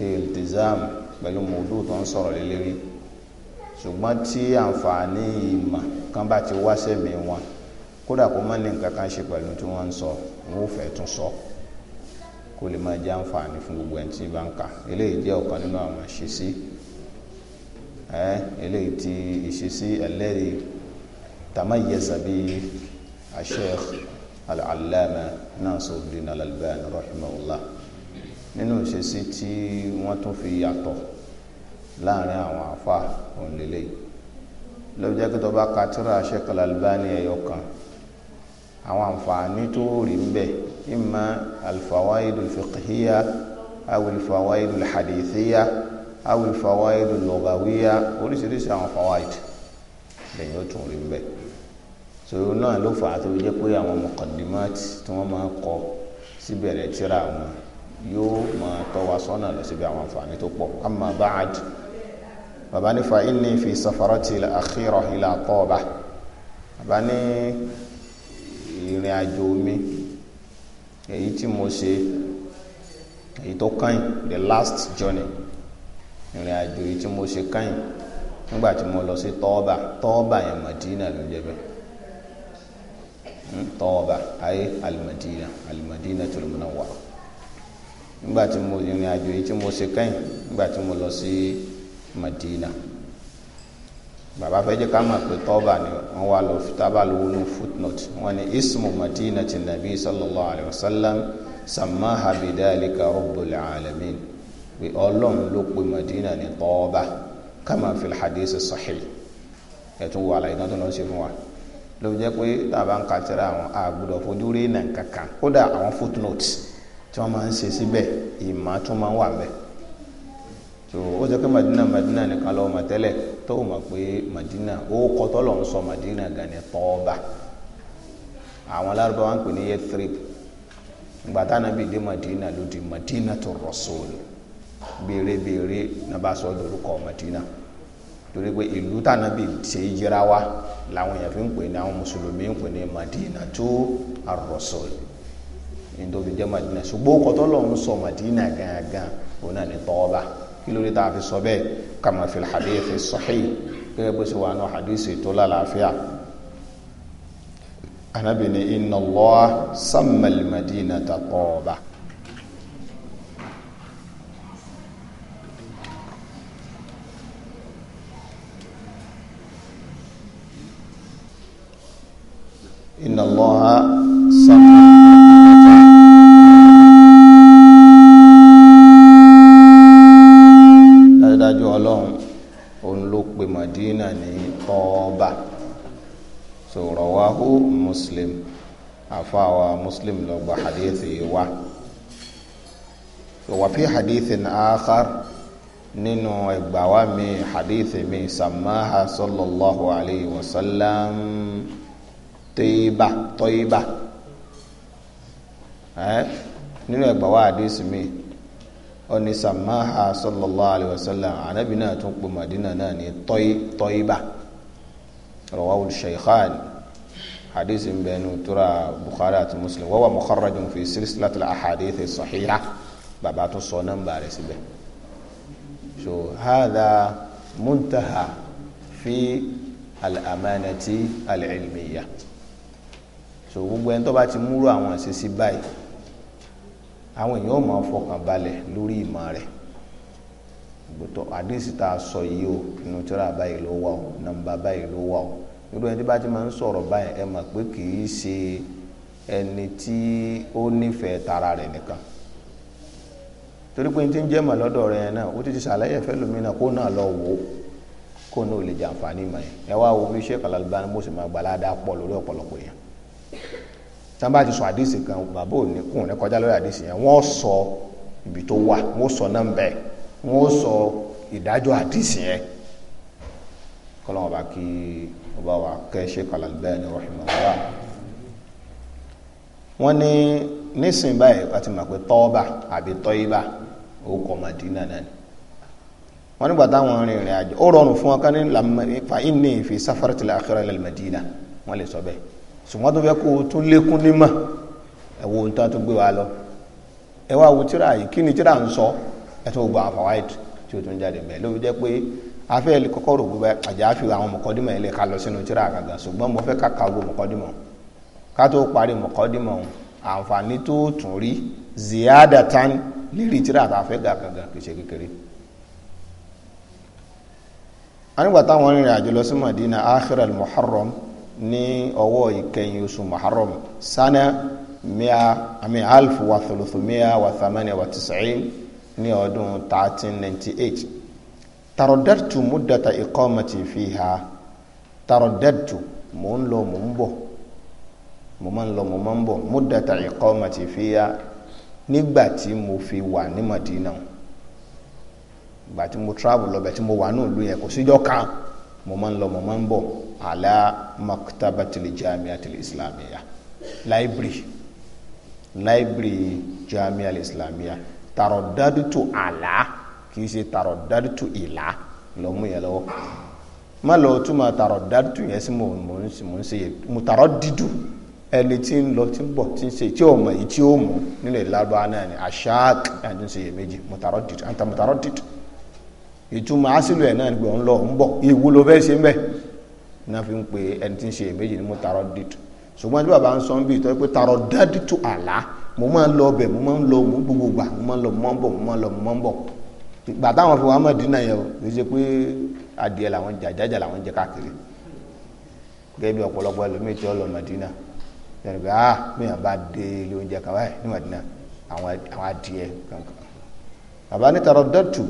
ṣe iltizam pẹ̀lú mòdù tó ń sọ̀rọ̀ lé lérí ṣùgbọ́n tí àǹfààní ìmọ̀ kan bá ti wá sẹ́mi wọn kódà kó má ní nǹkan kan ṣe pẹ̀lú tí wọ́n ń sọ wọn ò fẹ́ tún sọ kó lè máa jẹ́ àǹfààní fún gbogbo ẹni tí bá ń kà eléyìí jẹ́ ọ̀kan nínú àwọn ìṣesí ẹ eléyìí ti ìṣesí ẹlẹ́rìí tamayyaza bí al-Sheikh al-Allama Nasiruddin al rahimahullah nínú ìṣesí tí wọ́n tún fi yàtọ̀ láàrin àwọn àfa òǹlélẹ̀ lọ́bi jẹ́ kí tó bá ka tírà Sheikh Al-Albani ẹ̀yọ kan àwọn àǹfààní tó rí ń bẹ imma al-fawaidul fiqhiyya aw al-fawaidul hadithiyya aw al-fawaidul lughawiyya oríṣiríṣi àwọn fawaid lẹ́yìn ó tún rí ń bẹ sòrò náà ló fà á tó jẹ́ pé àwọn muqaddimat tí wọ́n máa ń kọ síbẹ̀rẹ̀ tírà wọn yóò máa tọ́ wa sọ́nà lọ síbi àwọn àǹfààní tó pọ̀ amma ba'd bàbá ní fa inni fi safarati la akhira ila Taba bàbá ní ìrìn àjò mi èyí tí mo ṣe èyí tó kàn the last journey ìrìn àjò èyí tí mo ṣe kàn nígbà tí mo lọ sí Taba Taba yẹn Madina ló jẹ́ bẹ́ẹ̀ hmm, Taba ayé al-Madina al-Madinatul Munawwara nígbà tí mo ìrìn àjò yìí tí mo ṣe kẹ́yìn nígbà tí mo lọ sí Madina bàbá fẹ́ jẹ́ ká mọ̀ pé tọ́ba ni wọ́n wá lọ tábà lówó ní footnote wọ́n ní ismu Madina ti nàbí sallallahu alayhi wa sallam samaha bidalika rabbul alamin pé ọlọ́run ló pe Madina ní tọ́ba kama fil hadith sahih ẹ̀tún wà láyé náà tó fún wa ló jẹ́ pé tàbá ń kàtẹ́rẹ́ àwọn àgùdọ̀ fojú rí nà kankan kódà àwọn footnotes tí wọ́n máa ń ṣe síbẹ̀ ìmọ̀ tún máa ń wà bẹ́ẹ̀ so ó jẹ́ pé madina madina nìkan lọ́wọ́ mà tẹ́lẹ̀ tó o mọ̀ pé madina ó kọ́ tọ́lọ̀ ń sọ madina gan ni tọ́ọ̀bà àwọn alárúbáwá ń pè ní yethrib gbàtà nàbì dé madina ló di madina tó rọ̀sọ̀lù béèrèbéèrè nàbà sọ lórúkọ madina torí pé ìlú tànàbì ṣe yíra wa làwọn èèyàn fi ń pè ní àwọn mùsùlùmí ń pè ní madina tó rọ̀sọ̀lù nítorí jẹ́ madina ṣùgbọ́n kọ́tọ́ lọ́hún sọ madina gangan òun náà ní tọ́ọ́bà kí ló dé tá a fi sọ bẹ́ẹ̀ kama fil hadith sahih gẹ́gẹ́ bó ṣe wà ní hadisi tó lálàáfíà anabi ni inna Allah sammal madinata tọ́ọ́bà. inna allaha sama muslim àfàwà muslim ló gba hadith yìí wá wà fi hadith akhar nínú ẹgbàá wa mi hadith mi samaha sallallahu alayhi wa sallam tọ́yìbá tọ́yìbá ẹ́ nínú ẹgbàá wa hadith mi ọni samaha sallallahu alayhi wa sallam anabi náà tún pè madina náà ní tọ́yìbá rawahu al-shaykhan. حديث ń ترى nu tura وهو مخرج في wa huwa mukharrajun fi الصنم al-ahadith as-sahiha bàbá tó sọ nọ́mbà rẹ̀ síbẹ̀ so hadha muntaha fi al-amanati al-ilmiya so gbogbo ẹni tó bá ti múrò àwọn àṣeṣí báyìí àwọn èèyàn ò máa fọkàn balẹ̀ lórí ìmọ̀ rẹ̀ gbọ́tọ̀ àdéhìsí tá a sọ yìí o inú tíra báyìí ló wà o nọ́mbà báyìí ló wà o irú ẹni tí bá ti máa ń sọ̀rọ̀ báyìí ẹ mọ̀ pé kì í ṣe ẹni tí ó nífẹ̀ẹ́ tara rẹ̀ nìkan torí pé n ti ń jẹ́ mọ̀ lọ́dọ̀ rẹ̀ náà ó ti ti ṣàlàyé ẹ̀fẹ́ lómìnira kó náà lọ wò ó kó náà lè jàǹfààní mọ̀ yẹn ẹ wá wo bí Sheikh Al-Albani mo sì máa gbà ládàá pọ̀ lórí ọ̀pọ̀lọpọ̀ yẹn tí bá ti sọ àdìsí kan bàbá ò kùn ní kọjá lórí àdìsí yẹn wọ́n sọ ibi tó wà wọ́n sọ nọ́mbà wọ́n sọ ìdájọ́ àdìsí yẹn kọ́lọ́mọba kí kó bá wà kẹ́ Sheikh Al-Albani rahimahullah wọ́n ní nísìn báyìí wọ́n ti mọ̀ pé tọ́ọ̀bà àbí tọ́ìbà orúkọ Madina náà ni wọ́n nígbà táwọn rìn ìrìn àjò ó rọrùn fún wọn ká ní fa inni fi safaratil akhirah lil Madina wọ́n lè sọ bẹ́ẹ̀ ṣùgbọ́n tó fẹ́ kó o tún lékún nímọ̀ ẹ̀wọ̀ ohun tó tún gbé wa lọ ẹ̀wọ̀ àwòtírà yìí kí ni tírà ń sọ ẹ̀ tó gbọ́ àwọn tí o tún jáde mẹ́ ló jẹ́ pé afẹ́ kọ́kọ́ rògbò bá àjà fi àwọn mọ̀kọ́dímọ̀ ilé ká lọ sínú tíra àgàgà ṣùgbọ́n mo fẹ́ kàkà gbogbo mọ̀kọ́dímọ̀ ká tó parí mọ̀kọ́dímọ̀ àǹfààní tó tún rí ziyada tán lérí tíra àtàfẹ́ gàgàgà kì í ṣe kékeré anigba táwọn rìnrìn àjò lọ sí Madina akhira al-Muharram ní ọwọ́ ìkẹyìn oṣù Muharram sana mia àmì alfu wa thuluthumia wa thamani wa tis'in ní ọdún 1398 tarodẹ́tù múdàtà ìkọ́mọ̀tì fi ha tarodẹ́tù mò ń lọ mò ń bọ̀ mo máa ń lọ mo máa ń bọ̀ múdàtà ìkọ́mọ̀tì fi ha nígbà tí mo fi wà ní Madina ìgbà tí mo travel lọ bẹ̀ tí mo wà ní ìlú yẹn kò síjọ́ kan mo máa ń lọ mo máa ń bọ̀ ala maktabatili jamiatil islamiyah library library jamiatil islamiyah tarodẹ́tù àlá kì í ṣe tààrọ̀ dáàtú ìlà lọ́mú yẹn lọ́wọ́ má lọ túmọ̀ tààrọ̀ dáàtú yẹn sí mò ń ṣe mo tààrọ̀ dídú ẹni tí ń lọ tí ń bọ̀ tí ń ṣe tí ò mọ̀ èyí tí ó mọ̀ nílẹ̀ lágbára náà ni àṣáàk ẹni ṣe yẹ méjì mo tààrọ̀ dídú àǹtà mo tààrọ̀ dídú ìtumọ̀ àṣìlò ẹ̀ náà gbọ̀ ń lọ ń bọ̀ ìwú ló ṣe ń náà fi ń pe ẹni tí ń ṣe méjì ni mo tààrọ̀ dídú ṣùgbọ́n tí bàbá ń sọ ń bí ìtọ́jú pé tààrọ̀ dáàdì tó àlá mo máa ń lọ ọbẹ̀ mo máa ń lọ mo gbogbo gbà mo máa ń lọ mo bọ̀ mo máa ń lọ mo bọ̀ ìgbà táwọn fi wá Mẹdínà yẹn o kì í ṣe pé adìẹ làwọn jẹ àjájà làwọn jẹ káàkiri gẹ́gẹ́ bí ọ̀pọ̀lọpọ̀ ẹlòmíì tí ó lọ Mẹdínà yẹn ni pé ah míyàn bá dé ilé oúnjẹ kan báyìí ní Mẹdínà àwọn adìẹ kankan bàbá ní taraddattu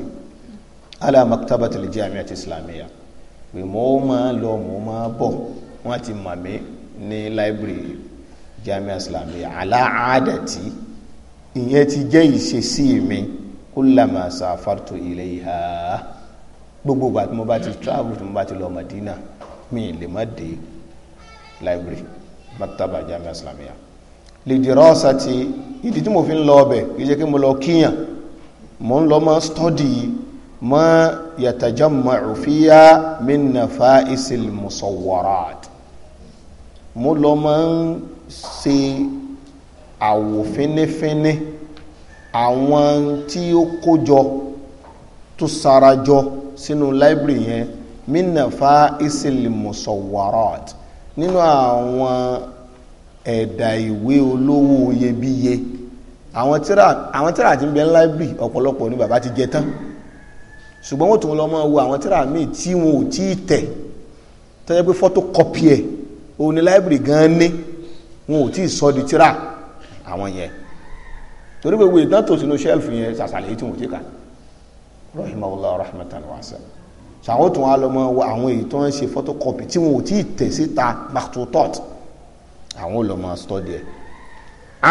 ala maktabati al-jami'ati islamiyya pé mo máa lọ mo máa bọ̀ wọ́n ti mà mí ní library jami'a islamiyya ala adati ìyẹn ti jẹ́ ìṣesí mi kullama safartu ilayha gbogbo ìgbà tí mo bá ti travel tí mo bá ti lọ Madina mi lè má dé library maktaba jami'a islamiyya lidirasati ìdí tí mo fi ń lọ ọbẹ̀ kì í mo lọ kíyàn mo ń lọ mọ́ study mọ́ yatajamma'u fiya min nafa'isil musawwarat mo lọ mọ́ ń ṣe àwòfínífíní àwọn tí ó kójọ tó sarajọ sínú library yẹn minna fa isil musawarat nínú àwọn ẹ̀dà ìwé olówó iyebíye àwọn tíra àwọn tíra tí library ọ̀pọ̀lọpọ̀ ni bàbá ti jẹ tán ṣùgbọ́n wọ́n tún lọ mọ́ wo àwọn tíra míì tí wọn ò tí ì tẹ̀ tọ́jú pé photocopy ẹ̀ òun ni library gan-an ní wọn ò tí ì sọ di tíra àwọn yẹn torí gbogbo ìtàn tó sínú sẹ́ẹ̀fù yẹn sàṣàlẹ̀ yìí tí wọ́n ti kà rahimahullah rahmatan wasi'a sàwọn tó wà lọ́mọ àwọn èyí tó ń ṣe photocopy tí wọn ò tí ì tẹ̀ síta maktutot àwọn olùmọ study ẹ̀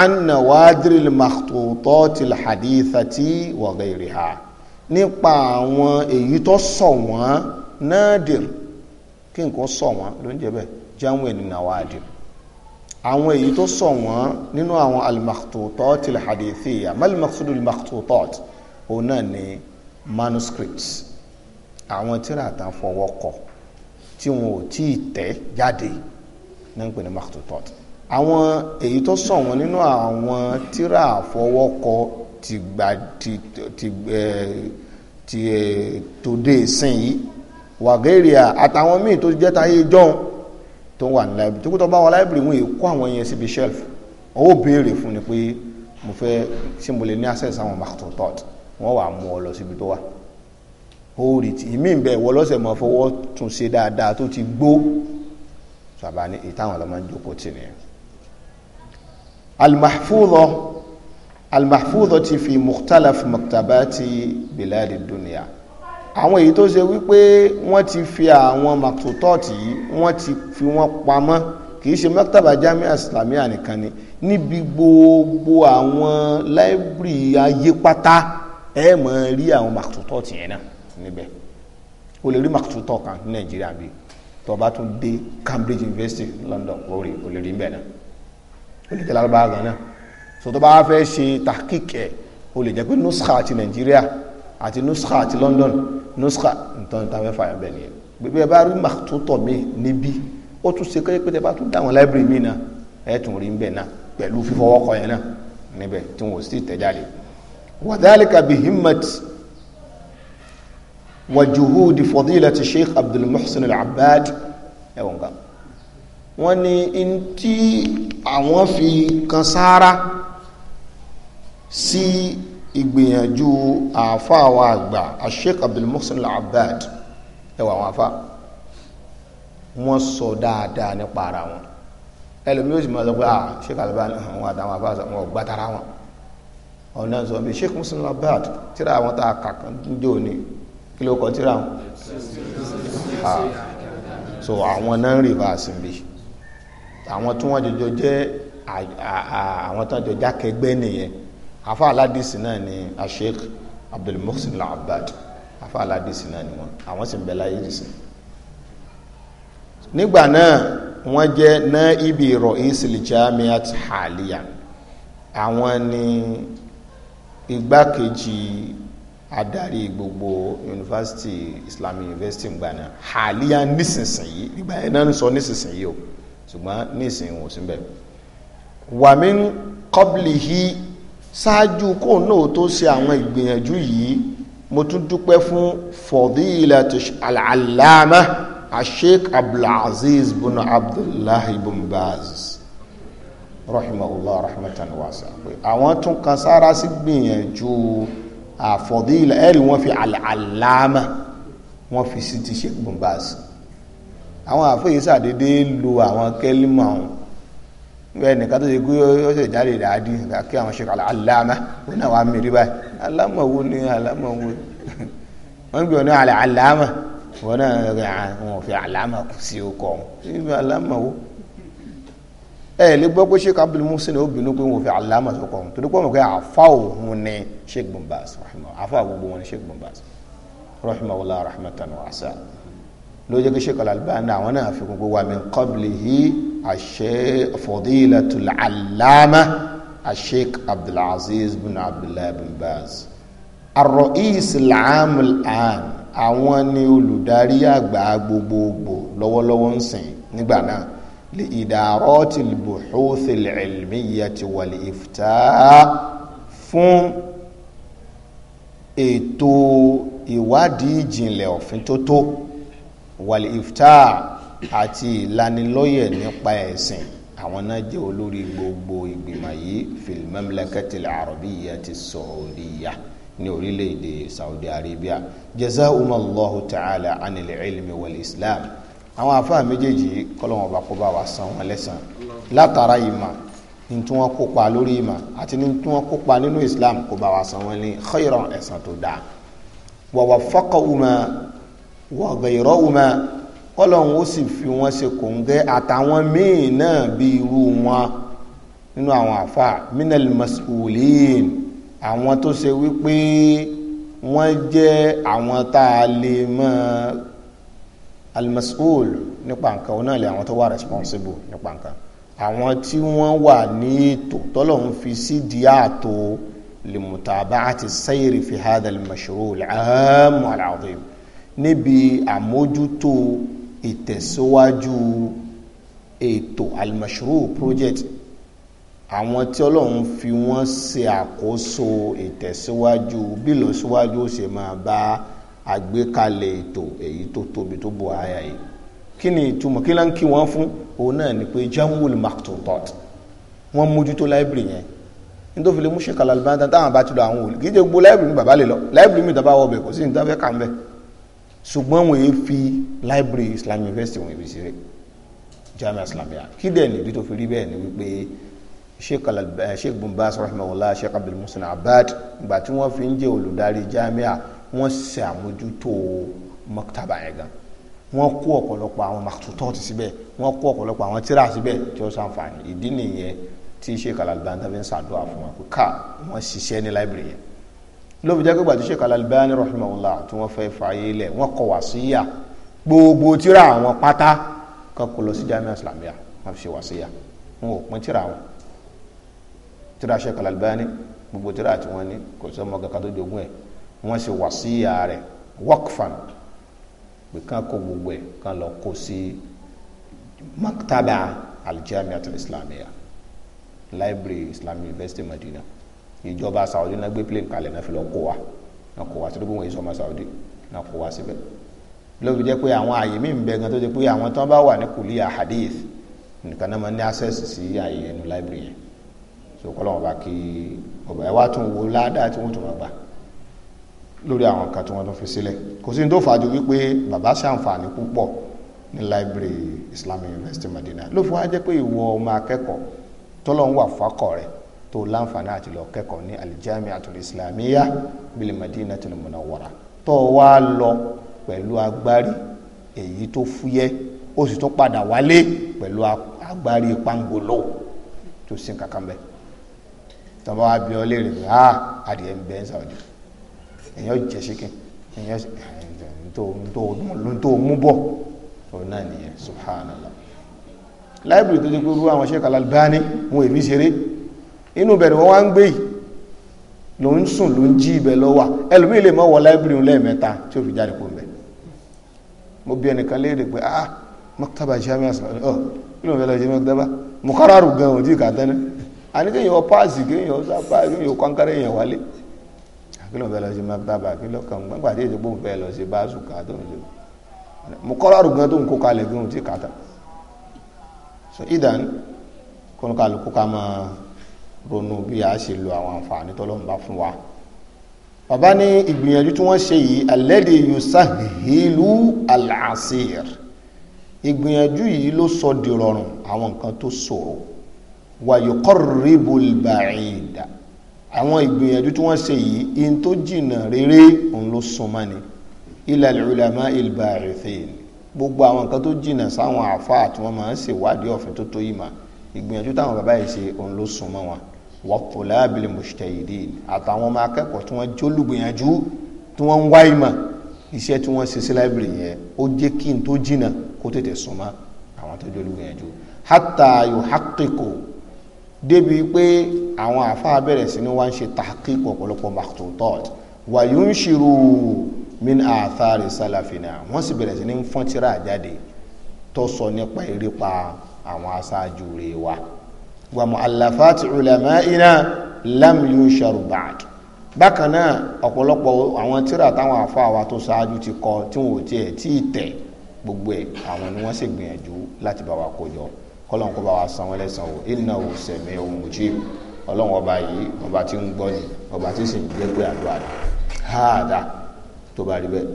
anna wadril maktutot alhadithati wa ghayriha nípa àwọn èyí tó sọ wọn nadir kí nǹkan sọ wọn ló ń jẹ bẹ́ẹ̀ jáwọn ènìyàn wá dìrò àwọn èyí tó sọ wọ́n nínú àwọn al-makhtutati al-hadithiyya mal maqsudu al-makhtutati òun náà ni manuscripts àwọn tíra àtàn fọwọ́ kọ tí wọn ò tí ì tẹ̀ jáde náà ń pè ní makhtutati àwọn èyí tó sọ wọ́n nínú àwọn tíra àfọwọ́kọ ti gba ti ti ẹ ti ẹ tòde ìsìn yìí wàgẹ́rìà àtàwọn míì tó jẹ́ táyé jọ́hún tó wà ní library tó kó tó bá wà library wọn èkó àwọn yẹn síbi shelf wọn ó béèrè fún ni pé mo fẹ́ ṣé mo lè ní access àwọn makhtutat wọn wà mú ọ lọ síbi tó wà ó rí ti ìmí ìbẹ̀ wọ lọ́sẹ̀ mọ́ fọwọ́ tún ṣe dáadáa tó ti gbó sàbà ní ìtàwọn ọlọ́mọ ń jókòó tì nìyẹn al-mahfudha al-mahfudha ti fi mukhtalaf maktabati biladi dunya àwọn èyí tó ṣe wípé wọ́n ti fi àwọn maktotọ́ọ̀tì yìí wọ́n ti fi wọ́n pamọ́ kìí ṣe maktaba jami'a islamiyya nìkan ni níbi gbogbo àwọn láìbírì ayé pátá ẹ mọ̀ rí àwọn maktotọ́ọ̀tì yẹn náà níbẹ̀ o lè rí maktotọ́ kan ní nàìjíríà bíi tó tún dé Cambridge University London lórí o lè rí bẹ́ẹ̀ náà o lè jẹ́ lárúbáwá gan náà so tó bá fẹ́ ṣe tahqiq ẹ̀ o lè jẹ́ pé nuskha àti nàìjíríà àti nuskha àti London nuska nǹkan tá a fẹ́ fààyàn bẹ́ẹ̀ nìyẹn gbogbo ẹ bá rí màtótọ̀ mi níbí ó tún ṣe kékeré pé tẹ bá tún dá àwọn láìbírì mi náà ẹ tún rí bẹ́ẹ̀ náà pẹ̀lú fífọwọ́kọ yẹn náà níbẹ̀ tí wọn ò sì tẹ̀ jáde wadhalika bihimmat wajuhudi fadilati sheikh abdul muhsin al-abbad ẹ̀wọ̀n kan wọ́n ní ntí àwọn fi kan sára sí. Si, ìgbìyànjú àáfà àwọn àgbà asheik abdulmuhsin al-abbad ẹwà àwọn àáfà wọn sọ dáadáa nípa ara wọn ẹlòmíì ó sì máa sọ pé ah sheik al-Albani àwọn àtàwọn àáfà wọn ò gbá tara wọn ọ̀nà sọ bí sheik muhsin al-abbad tíra àwọn tá a kà kan kí ló kọ tíra wọn so àwọn náà ń rìvásì bí àwọn tí wọn jọjọ jẹ àwọn tí wọn jọjọ jákẹgbẹ nìyẹn afa aládìsí náà ni asheikh abdulmuhsin al-abbad afa aládìsí náà ni wọn àwọn sì ń bẹ láyé jìsì nígbà náà wọ́n jẹ́ náà ibi ìrọ̀ ìsìlìjàmíat haliya àwọn ni igbákejì adarí gbogbo yunifásitì islamic university ń gbà náà haliya nísinsìnyí nígbà yẹn náà ń sọ nísinsìnyí o ṣùgbọ́n nísinsìnyí wọn ò sí bẹ́ẹ̀ wàmí kọ́bìlì hí ṣáájú kó náà tó ṣe àwọn ìgbìyànjú yìí mo tún dúpẹ́ fún fadilatu al-allama asheik abdulaziz bin abdullahi bin baz rahimahullah rahmatan wasa pé àwọn tún kan sára sí gbìyànjú àfọ̀dílà ẹ̀rí wọ́n fi al-allama wọ́n fi sí ti sheik bin baz àwọn àfẹ́yẹsà dédé lo àwọn kẹ́límà ọ̀hún bẹ́ẹ̀ nìkan tó ṣe kú yóò ṣe jáde ìdádi kí àwọn ṣe kàlà aláàmà ó náà wàá mìírí báyìí aláàmà wo ni aláàmà wo wọ́n gbé ọ̀nà àlẹ́ aláàmà wọ́n náà rẹ̀ àwọn ah, fi aláàmà kù sí ọkọ̀ ọ̀hún níbi aláàmà wo ẹ lè gbọ́ pé ṣé kábìlì musin ó bínú pé wọ́n fi aláàmà sọkọ̀ ọ̀hún torí pọ́n mọ̀ pé àfa òun ni Sheikh Bin Baz àfa gbogbo wọn ni Sheikh Bin Baz rahimahullah rahmatan wasa ló jẹ́ kí Sheikh Al-Albani àwọn náà fi gbogbo wa min qablihi ash-Sheikh fadilatul allama ash-Sheikh Abdulaziz bin Abdullahi bin Baz ar-Ra'is al-Am al-An àwọn ni olùdarí àgbà gbogbogbò lọ́wọ́lọ́wọ́ ń sìn nígbà náà li idarati al-buhuth al-ilmiyyati wal-iftaa fún ètò ìwádìí ìjìnlẹ̀ òfin tó tó wàlì ifta àti ìlanilọ́yẹ̀ nípa ẹ̀sìn àwọn náà jẹ́ olórí gbogbo ìgbìmọ̀ yìí fil mamlakatil arabiyyati saudiya ní orílẹ̀-èdè Saudi Arabia jazakumullahu ta'ala anil ilmi wal islam àwọn àfáà méjèèjì kọ́lọ́wọ́n bá kó bá wa san wọn lẹ́san látara ìmọ̀ ní tí wọ́n kópa lórí ìmọ̀ àti ní tí wọ́n kópa nínú islam kó bá wa san wọn ní khayran ẹ̀san tó dáa wa waffaqahuma wọ̀gbẹ̀rọ̀wùmá ọlọ́run ó sì fi wọ́n ṣe kòǹgẹ́ àtàwọn míì náà bí irú wọn nínú àwọn àfa minal mas'ulin àwọn tó ṣe wípé wọ́n jẹ́ àwọn tá a lè mọ́ almas'ul nípa nǹkan òun náà lè àwọn tó wà responsible nípa nǹkan àwọn tí wọ́n wà ní ètò tọ́lọ́run fi sídìí ààtò limutaba àti sayri fi hadha al-mashru' al níbi àmójútó ìtẹ̀síwájú ètò almashru project àwọn tí ọlọ́run fi wọ́n ṣe àkóso ìtẹ̀síwájú bí ìlọsíwájú ó ṣe máa bá àgbékalẹ̀ ètò èyí tó tóbi tó bò àyà yìí kí ni ìtumọ̀ kí ló ń kí wọ́n fún òun náà ni pé jamul maktutat wọ́n mójútó láìbìrì yẹn nítorí fi lè mú ṣe kàlàlùbá táwọn bá ti lọ àwọn òòlù kí jẹ́ gbogbo láìbìrì ní bàbá lè lọ láìbìrì mi ìtàbá wọ̀ bẹ̀ kò sí ní táwọn fẹ́ kà ń bẹ̀ ṣùgbọ́n wọ́n yé fi library islam university wọ́n fi ṣeré jamiu islamiyah kí dẹ̀ níbi tó fi rí bẹ́ẹ̀ ni wípé sheikh al eh, sheikh bumbas rahimahullah sheikh abdul musin abad ìgbà tí wọ́n fi ń jẹ́ olùdarí jamiu wọ́n ṣe àmójútó maktaba yẹn gan wọ́n kó ọ̀pọ̀lọpọ̀ àwọn maktutọ́ ti síbẹ̀ wọ́n kó ọ̀pọ̀lọpọ̀ àwọn tíra síbẹ̀ tí ó ṣàǹfààní ìdí nìyẹn tí sheikh al fi ń ṣàdúrà fún wọn ká wọ́n ṣiṣẹ́ ní library yẹn ló fi jẹ́ pé gbàtí Sheikh Al-Albani rahimahullah tí wọ́n fẹ́ fààyè ilẹ̀ wọ́n kọ wàsíyà gbogbo tíra àwọn pátá kan kò lọ sí jamiu islamiyah wọ́n fi ṣe wàsíyà wọn ò pín tíra wọn tíra Sheikh Al-Albani gbogbo tíra tí wọ́n ní kò sọ ọmọ kankan tó jogún ẹ̀ wọ́n ṣe wàsíyà rẹ̀ waqfan pé kán kó gbogbo ẹ̀ kán lọ kó sí maktaba al-jami'at library Islamic University Madina ìjọba Saudi náà gbé plane kalẹ̀ náà fi lọ kó wa náà kó wa tó dókòwò yìí sọmọ Saudi náà kó wa síbẹ̀ ló fi jẹ́ pé àwọn àyè mí ń bẹ gan tó jẹ́ pé àwọn tó bá wà ní kùlíyà hadith nìkan náà máa ní access sí àyè ẹnu library yẹn so kọ́lọ́ wọn bá kí ọba ẹ wá tún wo ládàá tí wọ́n tún wá gbà lórí àwọn kan tí wọ́n tún fi sílẹ̀ kò sí ní tó fàájú wípé bàbá ṣàǹfààní púpọ̀ ní library Islamic University Madina ló fi wá jẹ́ pé ìwọ ọmọ akẹ́kọ̀ọ́ tọ́lọ́ ń wà fákọ̀ rẹ̀ tó láǹfààní àti lọ kẹ́kọ̀ọ́ ní aljamiatul islamiyya bil madinatul munawwara tó wá lọ pẹ̀lú agbárí èyí tó fúyẹ́ ó sì tún padà wálé pẹ̀lú agbárí pangolo tó sin kankan bẹ́ẹ̀ tọ́ba wa bí ọ léèrè pé ah adìẹ ń bẹ ń sàwọ́dì èèyàn jẹ síkìn èèyàn tó mú bọ̀ òun náà nìyẹn subhanallah láìbìrì tó ti gbé àwọn Sheikh al wọn èmi ṣeré inú bẹ̀rẹ̀ wọn wá ń gbé yìí ló ń sùn ló ń jí ibẹ̀ lọ wà ẹlòmíì lè mọ́ wọ láìbírì lẹ́ẹ̀mẹ́ta tí ó fi jáde kó mo bí ẹnìkan léèrè pé ah mọ́kítàbà jami àsàlẹ̀ ọ kí ló ń fẹ́ lọ ṣe mọ́kítàbà mo kọ́ra rù gan òdì kàtẹ́nẹ́ àní kéèyàn páàsì kéèyàn sápá kéèyàn kọ́ńkárẹ́ èèyàn wálé ah, kí ló ń fẹ́ lọ kí ló kàn fẹ́ lọ ronú bí a ṣe lo àwọn àǹfààní tọ́lọ́run bá fún wa bàbá ní ìgbìyànjú tí wọ́n ṣe yìí alẹ́dẹ̀ yusahilu al-asir ìgbìyànjú yìí ló sọ di rọrùn àwọn nǹkan tó ṣòro wa yuqarribu al àwọn ìgbìyànjú tí wọ́n ṣe yìí in tó jìnnà rere òun ló súnmọ́ ni ila al-ulama al-ba'ithin gbogbo àwọn nǹkan tó jìnnà sáwọn àfáà tí wọ́n máa ń ṣèwádìí ọ̀fìn tó tó yìí mà ìgbìyànjú táwọn bàbá yìí ṣe òun ló súnmọ́ wọn wọ́pọ̀láàbìlì mùsítẹ̀yìdì àtàwọn ọmọ akẹ́kọ̀ọ́ tí wọ́n jólùgbìyànjú tí wọ́n ń wá ìmọ̀ iṣẹ́ tí wọ́n ṣe sí láìbìrì yẹn ó jẹ́ kí n tó jìnà kó tètè súnmọ́ àwọn tó jólùgbìyànjú hátà yóò hákìkò débi pé àwọn àfáà bẹ̀rẹ̀ sí ni wọ́n ń ṣe tàkìkò ọ̀pọ̀lọpọ̀ màtòtọ́t wàyó ń ṣirò min àtàrí sálàfínà wọ́n sì bẹ̀rẹ̀ sí ni ń fọ́n tíra jáde tó sọ nípa ìrípa àwọn aṣáájú rẹ̀ wa wa mu'allafati ulama'ina lam yushar ba'd bákan náà ọ̀pọ̀lọpọ̀ àwọn tíra táwọn àfa wa tó ṣáájú ti kọ tí wọn ò tiẹ̀ tí ì tẹ̀ gbogbo ẹ̀ àwọn ni wọ́n sì gbìyànjú láti bá wa kó jọ kọ́lọ́n kó bá wa san wọ́n lẹ́sàn o innahu sami'un mujib ọlọ́run ọba yìí ọba tí ń gbọ́ ni ọba tí sì ń gbé pé àdúrà ni háàdá tó bá rí bẹ́ẹ̀.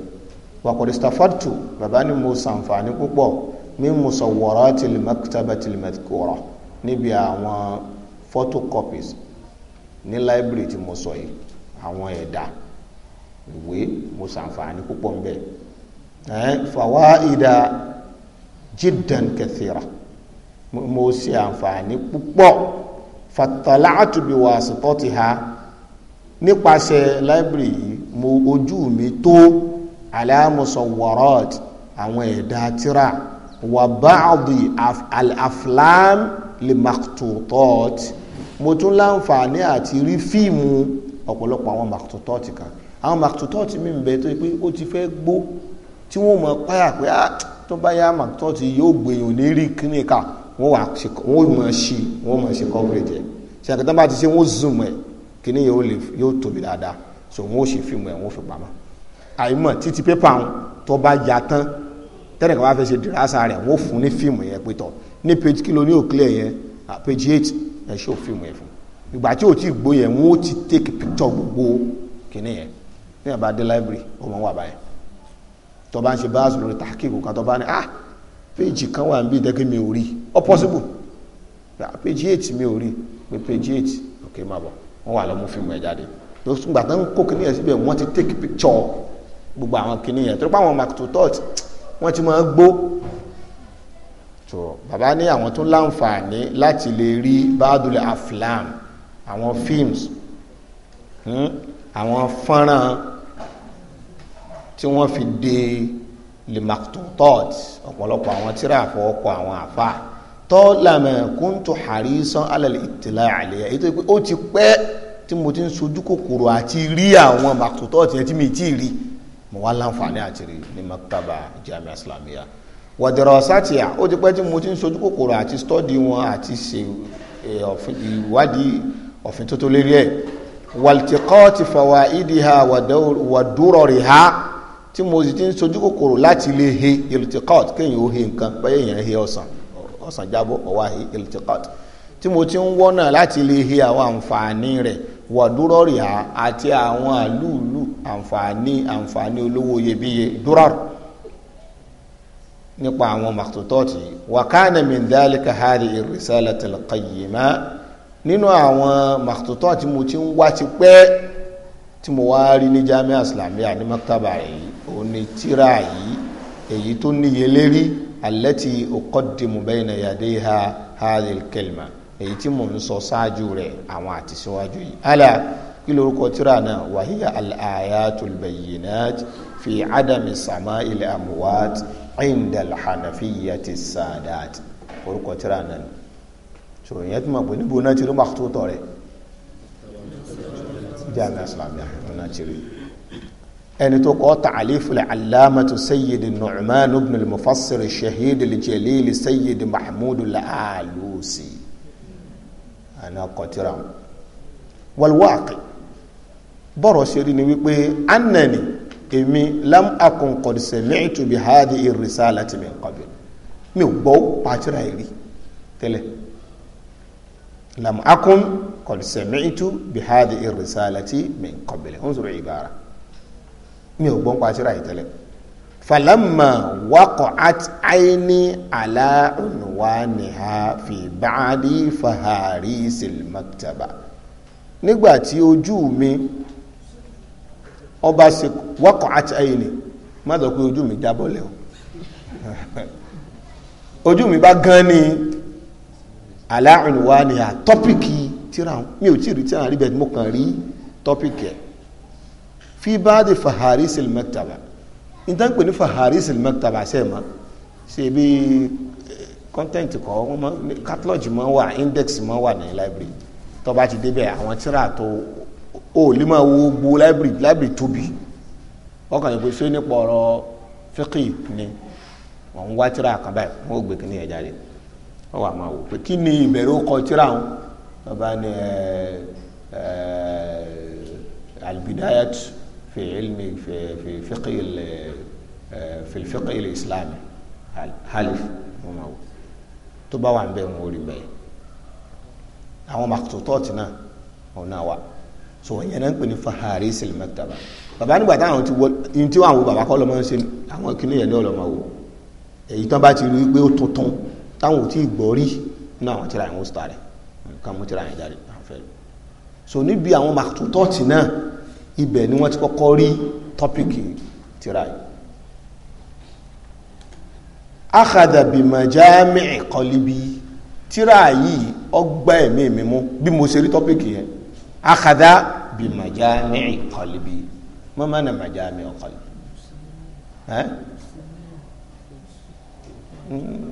wàkùrì stafartu bàbá ni mo ṣàǹfààní púpọ̀ min musawwaratil maktabatil madhkura níbi àwọn photocopies ní library tí mo sọ yìí àwọn ẹ̀dà ìwé mo ṣàǹfààní púpọ̀ ń bẹ̀ ẹ̀ fawaida jiddan kathira mo ṣe àǹfààní púpọ̀ fatala'atu biwasitatiha nípasẹ̀ library yìí mo ojú mi tó ala musawwarat àwọn ẹ̀dà tíra wà báàdì al lè maktutot mo tún láǹfààní àti rí fíìmù ọ̀pọ̀lọpọ̀ àwọn maktutot kan àwọn maktutot mi ń bẹ tó pé ó ti fẹ́ gbó tí wọ́n mọ̀ páyà pé á ah, tó bá yá maktutot yóò gbèyàn e, lérí kíníkà wọ́n wà wọ́n mọ̀ sí wọ́n mọ̀ sí coverage ṣe àkàtà bá ti ṣe wọ́n zoom ẹ̀ kíní yóò lè yóò tóbi dáadáa so wọ́n ó ṣe fíìmù ẹ̀ wọ́n fi pamọ́ àìmọ̀ títí pépà wọn tó bá ya tán tẹ́lẹ̀ kan bá fẹ́ ṣe dìrásà rẹ̀ wọ́n fún ní fíìmù yẹn pé tọ̀ ní page kí ló ní òkìlẹ̀ yẹn page eight ẹ̀ ṣe òfin yẹn fún ìgbà tí o ti gbó yẹn wọn ó ti take picture gbogbo kìnì yẹn ní àbá dé library ó máa wà báyẹn tó bá ń ṣe báyà sọ̀rọ̀ tàkìkù kan tó bá ní ah page kan wà níbi ìdẹ́kẹ́ mi ò rí ó possible page eight mi ò rí pé page eight ok má bọ̀ wọ́n wà lọ́mú fíìmù ẹ̀ jáde tó gbà tán kó kìnì yẹn síbẹ̀ wọ́n ti take picture gbogbo àwọn kìnì yẹn tó pàwọn màkìtò tọ́ọ̀tì wọ́n ti máa gbó so bàbá ní àwọn tún láǹfààní láti lè rí báàdùlẹ̀ aflam àwọn films hmm, àwọn fọ́nrán tí wọ́n fi de limaktutot ọ̀pọ̀lọpọ̀ àwọn tíra àfọwọ́kọ àwọn àfa tọ́lámẹ̀ kúntù harisan alal ìtìlá àlẹ́yà èyí tó pé ó ti pẹ́ tí mo ti ń sojú kòkòrò àti rí àwọn maktutọ́ọ̀tì yẹn tí mi ti rí mo wá láǹfààní àti rí ní maktaba jami'a islamiyya wọ̀dẹ̀rọ̀ sátìyà ó ti pẹ́ tí mo ti ń sojú kòkòrò àti stọ́dì wọn àti ṣe e, ìwádìí ọ̀fin tó tó lérí ẹ̀ wàlìtìkọ́ọ̀tì fàwà ìdí ha wàdúrọ̀ rì ha tí mo sì ti ń sojú kòkòrò láti lè he ìlìtìkọ́ọ̀tì kéèyàn ó he nǹkan bẹ́ẹ̀ èèyàn he ọ̀sán ọ̀sán jábọ̀ ọ̀wá he ìlìtìkọ́ọ̀tì tí mo ti ń wọ́nà láti lè he àwọn àǹfààní rẹ̀ wàdúrọ̀ rì ha àti àwọn àlúùlù àǹfààní àǹfààní olówó iyebíye dúrọ̀rù nípa àwọn màtútọ́ọ̀tì wàkánà mìndálíkà hàrí ìrìsálà tẹlẹkàyèmá nínú àwọn màtútọ́ọ̀tì mo ti ń wá ti pẹ́ tí mo wá rí ní jamiu islamiyah ní maktaba yìí òní tíra yìí èyí tó níye lérí alẹ́tì uqaddimu bayna yadayha hàrí kẹlìmà èyí tí mo ń sọ ṣáájú rẹ̀ àwọn àtisíwájú yìí. ala kí lorúkọ tíra náà wàhíyà al-ayatul bayyinat fi adami sama'il amwat indal hanafiyyati sadat orúkọ tíra náà ni so ìyẹn tó ma pè níbo náà ti rí màkútó rẹ jami islamiyah náà ti rí ẹni tó kọ́ ta'aliful alamatu sayyidi nu'man ibn al-mufassir shahid al-jalil sayyidi mahmud ana kọ tíra wal waqi bọ́rọ̀ ṣe ni wípé annani èmi lam akun qad sami'tu bi hadhihi ar-risalati min qabl mi ò gbọ́ pàtìrà ìrí tẹ́lẹ̀ lam akun qad sami'tu bi hadhihi ar-risalati min qabl unzur ibara mi ò gbọ́ pàtìrà ìrí tẹ́lẹ̀ falamma waqa'at ayni ala unwaniha fi ba'di faharisil maktaba nígbà tí ojú mi ọba ṣe wọ́kọ̀ àti ẹ̀yìn má sọ pé ojú mi jábọ́ lẹ̀ o ojú mi bá gan ni aláàrùn wa ni à tọ́pìkì tíra mi ò tí ì rí tíra rí bẹ́ẹ̀ mo kàn rí tọ́pìkì ẹ̀ fi bá di fahari silmẹ́tàbà nítorí pé ní fahari silmẹ́tàbà ṣe é ma ṣe bí eh, content kọ wọ́n mọ catalog wà index mọ wà ní library tó bá ti débẹ̀ àwọn tíra tó o ò lè máa wo gbogbo láìbìrì láìbìrì tóbi ọkàn yìí pé ṣé nípa ọ̀rọ̀ fíkì ni wọ́n ń wá tíra kan báyìí wọ́n ò gbé kíní ẹ̀ jáde wọ́n wà máa wò pé kí ni ìbẹ̀rẹ̀ ó kọ tíra wọn bàbá ni albidayat fi ilmi fi fi fíkì fi fíkì ilé islami halif wọ́n máa wò tó bá wà ń bẹ̀ wọ́n ò rí bẹ́ẹ̀ àwọn màkútọ́ọ̀tì náà òun náà wà so wọ́n yẹn náà ń pè ní fahari silmaktaba bàbá nígbà táwọn ti wọ ní tí àwọn bàbá kọ́ lọ́mọ ń ṣe àwọn kìnìún yẹn náà lọ́mọ wò èyí tán bá ti rí pé ó tuntun táwọn ò tí ì gbọ́ rí ní àwọn tíra yẹn ó sita rẹ̀ nǹkan mú tíra yẹn jáde àfẹ́ lọ so níbi àwọn màtútọ́ọ̀tì náà ibẹ̀ ni wọ́n ti kọ́kọ́ rí tọ́pìkì tíra yìí akhada bi majami' qalbi tíra yìí ọgbà ẹ̀mí mi mú bí mo ṣe rí tọ́pìkì yẹn akhada bi majami'i qalbi ma mana majami'u qalbi ẹ hmm,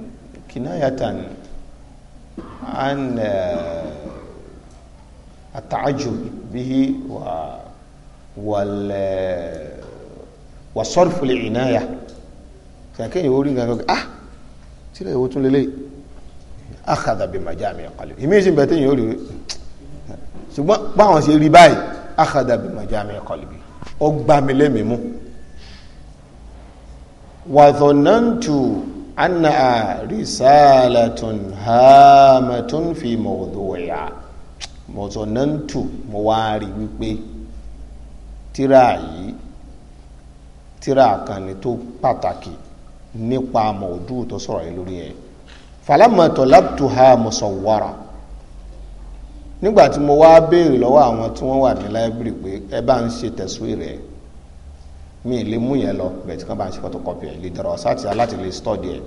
kinayatan an uh, at-ta'ajjub bihi wa wal uh, wa sarfu al-inaya kàkẹ́ ìwé orí gangan ah sílẹ̀ ìwé tún lélẹ̀ akhadha bi majami'i qalbi ìmí ìsìn bẹ̀tẹ̀ yìí ó rí ṣùgbọ́n báwọn ṣe rí akhada bi majami qalbi ó gbá mi lẹ́mìí mú wa dhanantu annaha risalatun hamatun fi mawdu'iha wa dhanantu mo wá rí wípé tíra yìí tíra kan ni tó pàtàkì nípa mọ̀ọ́dù tó sọ̀rọ̀ yìí lórí ẹ̀ falamma talabtuha musawwara nígbà tí mo wá béèrè lọ́wọ́ àwọn tí wọ́n wà ní láìbírì pé ẹ bá ń ṣe tẹ̀sùn rẹ̀ mi ì lè mú yẹn lọ bẹ̀tí kan bá ń ṣe photocopy ẹ̀ lè dọ̀rọ̀ sáti aláti lè stọ́dì ẹ̀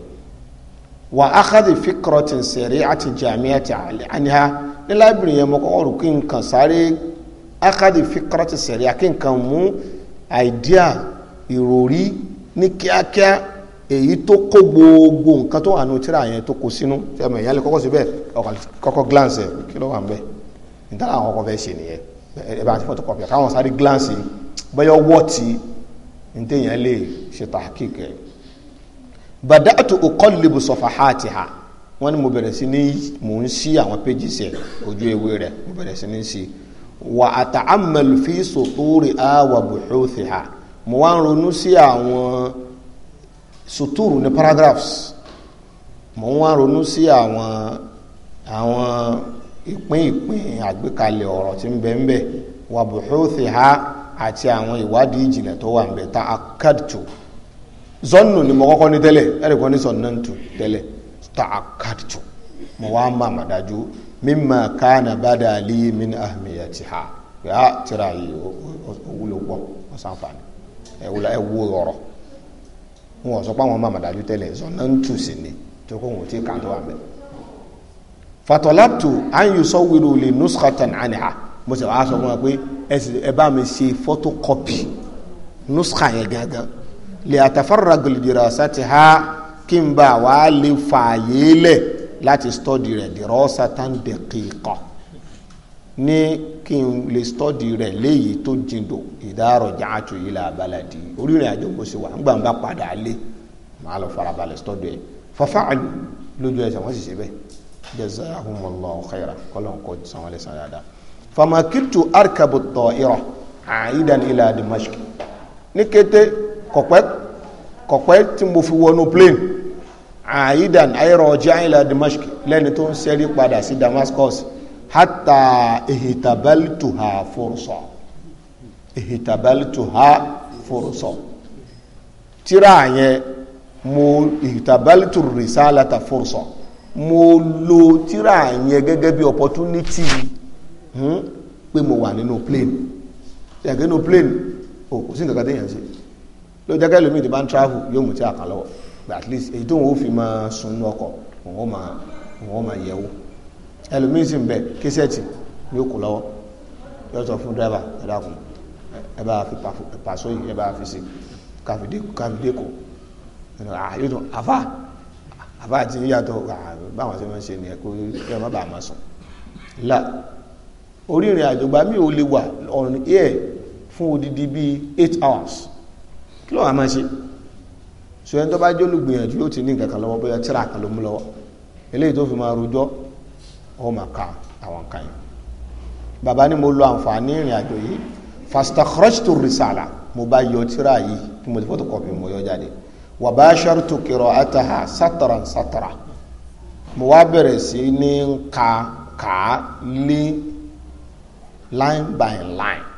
wà á kàdé fíkọrọtì sẹ̀rí àti jàmí àti àníhá ní láìbírì yẹn mo kọ́kọ́ rò kí n kàn sáré á kàdé fíkọrọtì sẹ̀rí àkí n kàn mú àìdíà ìròrí ní kíákíá èyí tó kó gbogbo nǹkan tó wà nù tíra yẹn tó kó sínú fẹ́mi ìyá lè kọ́kọ́ síbẹ̀ glance ẹ̀ kí ló wà ń bẹ́ẹ̀ nítorí àwọn ọkọ̀ fẹ́ ṣe nìyẹn ẹ bá ti photocopy káwọn sáré gíláǹsì bọ́yọ̀ wọ́ọ̀tì ntẹ̀yìn lè ṣe tahqiq bada'tu uqallibu safahatiha wọ́n ní mo bẹ̀rẹ̀ sí ní mò ń ṣí àwọn pages ẹ̀ ojú ewé rẹ̀ mo bẹ̀rẹ̀ sí ní ṣí wa ata'ammal fi suturiha wa buhuthiha mo wá ń ronú sí àwọn suturu ní paragraphs mo wá ń ronú sí àwọn àwọn. ìpín ìpín àgbékalẹ̀ ọ̀rọ̀ tí ń bẹ ń bẹ wà ha àti àwọn ìwádìí ìjìnlẹ̀ tó wà ń bẹ ta akadtu zọ́nù ni mo kọ́kọ́ ní tẹ́lẹ̀ ẹ̀rì kan ní sọ̀nàntù tẹ́lẹ̀ ta akadtu mo wá má má dájú mímà ha yà tíra yìí owúlò pọ̀ ọ̀sánfààní ẹ̀wú ọ̀rọ̀ wọn sọ pé àwọn má má dájú tẹ́lẹ̀ fatọláptò anyusọwiro lè nuskatan aniha mo sì wá sọ fún wa pé ẹ bá mi ṣe photocopy nuska yẹn gangan lè àtàfàrà gèlèdèrè sátì ha kí n bá wa lè fààyè lẹ láti stọdì rẹ dèrò sátán dẹkìkọ ní kí n lè stọdì rẹ léyìí tó jìndò ìdárò jàǹtò yìí la balàdì orí padà lé màá lọ farabalẹ̀ stọdì ẹ fọfá lójú ẹsẹ̀ wọ́n sì ṣe jazakumullahu khairan kọlọ́n kò san wọlé san dáadáa famakirtu arkabu ta'ira aidan ila dimashq ní kété kọ̀pẹ́ kọ̀pẹ́ tí mo fi wọnú plane aidan ayọ̀rọ̀jì ila dimashq lẹ́ni tó ń sẹ́rí padà sí damascus hatta ihtabaltuha fursa ihtabaltuha fursa tíra yẹn mo ihtabaltu risalata fursa mo lo tíra yẹn gẹ́gẹ́ bí opportunity hmm, pé mo wà nínú plane ṣẹ̀kẹ́ nínú plane o kò sí nǹkan kan téèyàn ṣe ló jẹ́ kẹ́lò míì bá ń travel yóò mú tí a lọ́wọ́ at least èyí tóun ó fi máa sunú ọkọ̀ òun ó máa òun ó máa yẹ̀wò ẹlòmíì sì ń bẹ késẹ́ẹ̀tì ní òkú lọ́wọ́ yóò sọ fún dírẹ́bà ẹ ẹ bá fi pàṣọ yìí ẹ bá fi sí káfíńdé kò yóò tún àfà àbá àti yíyàtọ̀ báwọn ṣe máa ń ṣe ni ẹ̀kọ́ yóò má bàa máa sùn là orí ìrìn àjò gbà mí ò lè wà on air fún odidi bíi eight hours kí ló wà máa ṣe sọ ẹni tó bá jẹ́ olùgbìyànjú yóò ti ní nǹkan kan lọ́wọ́ bóyá tíra kan ló mú lọ́wọ́ eléyìí tó fi máa rojọ́ ó máa ka àwọn kan yìí bàbá ni mo lo àǹfààní ìrìn àjò yìí fastakhrajtu risala mo bá yọ tíra yìí tí mo ti photocopy mo yọ jáde wa bashartu qira'ataha sátara sátara mo wá bẹ̀rẹ̀ sí ní ka kà á lé line by line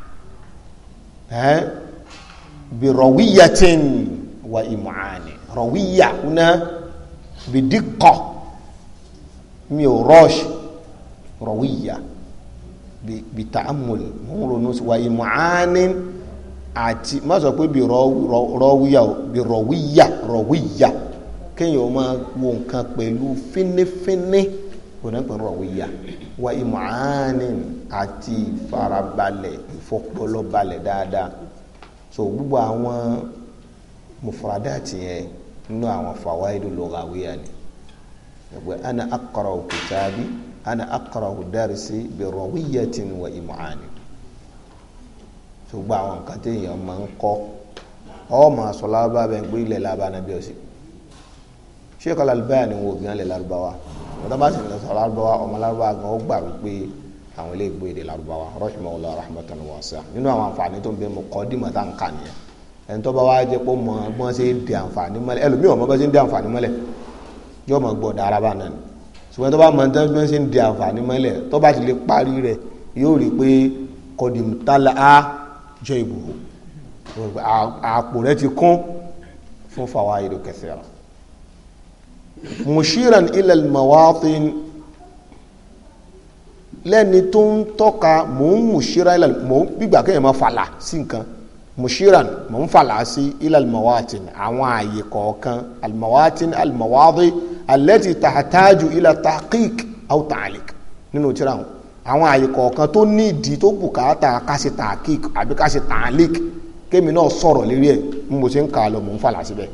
eh? bi rawiyatin wa imuani rawiya una bi diqqa mi ò rush rawiya bi, bi ta'ammul mo ń ronú wa imuani àti má sọ pé bí rọwíyà bí rọwíyà rọwíyà kéèyàn ó máa wo nǹkan pẹ̀lú fínífíní kò ní pẹ̀lú rọwíyà wa ìmọ̀ánìn àti ìfarabalẹ̀ ìfọpọlọbalẹ̀ dáadáa so gbogbo àwọn mufradati yẹn nínú àwọn fawaidu lugawiyya ni ẹgbẹ́ ana aqra'u kitabi ana aqra'u darsi bi rawiyatin wa ìmọ̀ánìn ṣùgbọ́n àwọn nǹkan tí èèyàn máa ń kọ́ ọmọ sọlá bá bẹ gbé ilẹ̀ lábàánà bí ọ̀sìn Sheikh Al-Albani wo gan ilẹ̀ lárúbáwá wọ́n dábàá sì ń sọ lárúbáwá ọmọ lárúbáwá gan ó gbà wípé àwọn ilé ìgbé èdè lárúbáwá rahimahullah rahmatan wasi'a nínú àwọn àǹfààní tó ń bẹ mọ kọ́ dìmọ̀ tá à ń kà nìyẹn ẹni tó bá wá jẹ́ pé mọ bọ́n ṣe ń di àǹfààní mọ́lẹ̀ ẹlòmíì ọmọ bá ṣe ń di àǹfààní mọ́lẹ̀ yóò mọ̀ gbọ́dọ̀ araba náà ni ṣùgbọ́n tó bá mọ tó bá ṣe ń di àǹfààní mọ́lẹ̀ tó bá ti lè parí rẹ̀ yóò rí pé kọ́dìmùtálà á jẹ́ ìbòho àpò rẹ̀ ti kún fún fawaidu kathira mushiran ila al-mawatin lẹ́ni tó ń tọ́ka mò ń mushiran ila mò ń gbígbà kéèyàn máa fàlà sí nǹkan mushiran mò ń fàlà sí ila al àwọn ààyè kọ̀ọ̀kan al-mawatin al-mawadi allati tahtaju ila tahqiq nínú tíra wọn àwọn àyè kọ̀ọ̀kan tó ní ìdí tó bùkátà kásì tàkík àbí kásì tàlík kémi náà sọ̀rọ̀ lérí ẹ̀ bí mo ṣe ń kà á lọ mò ń fàlà síbẹ̀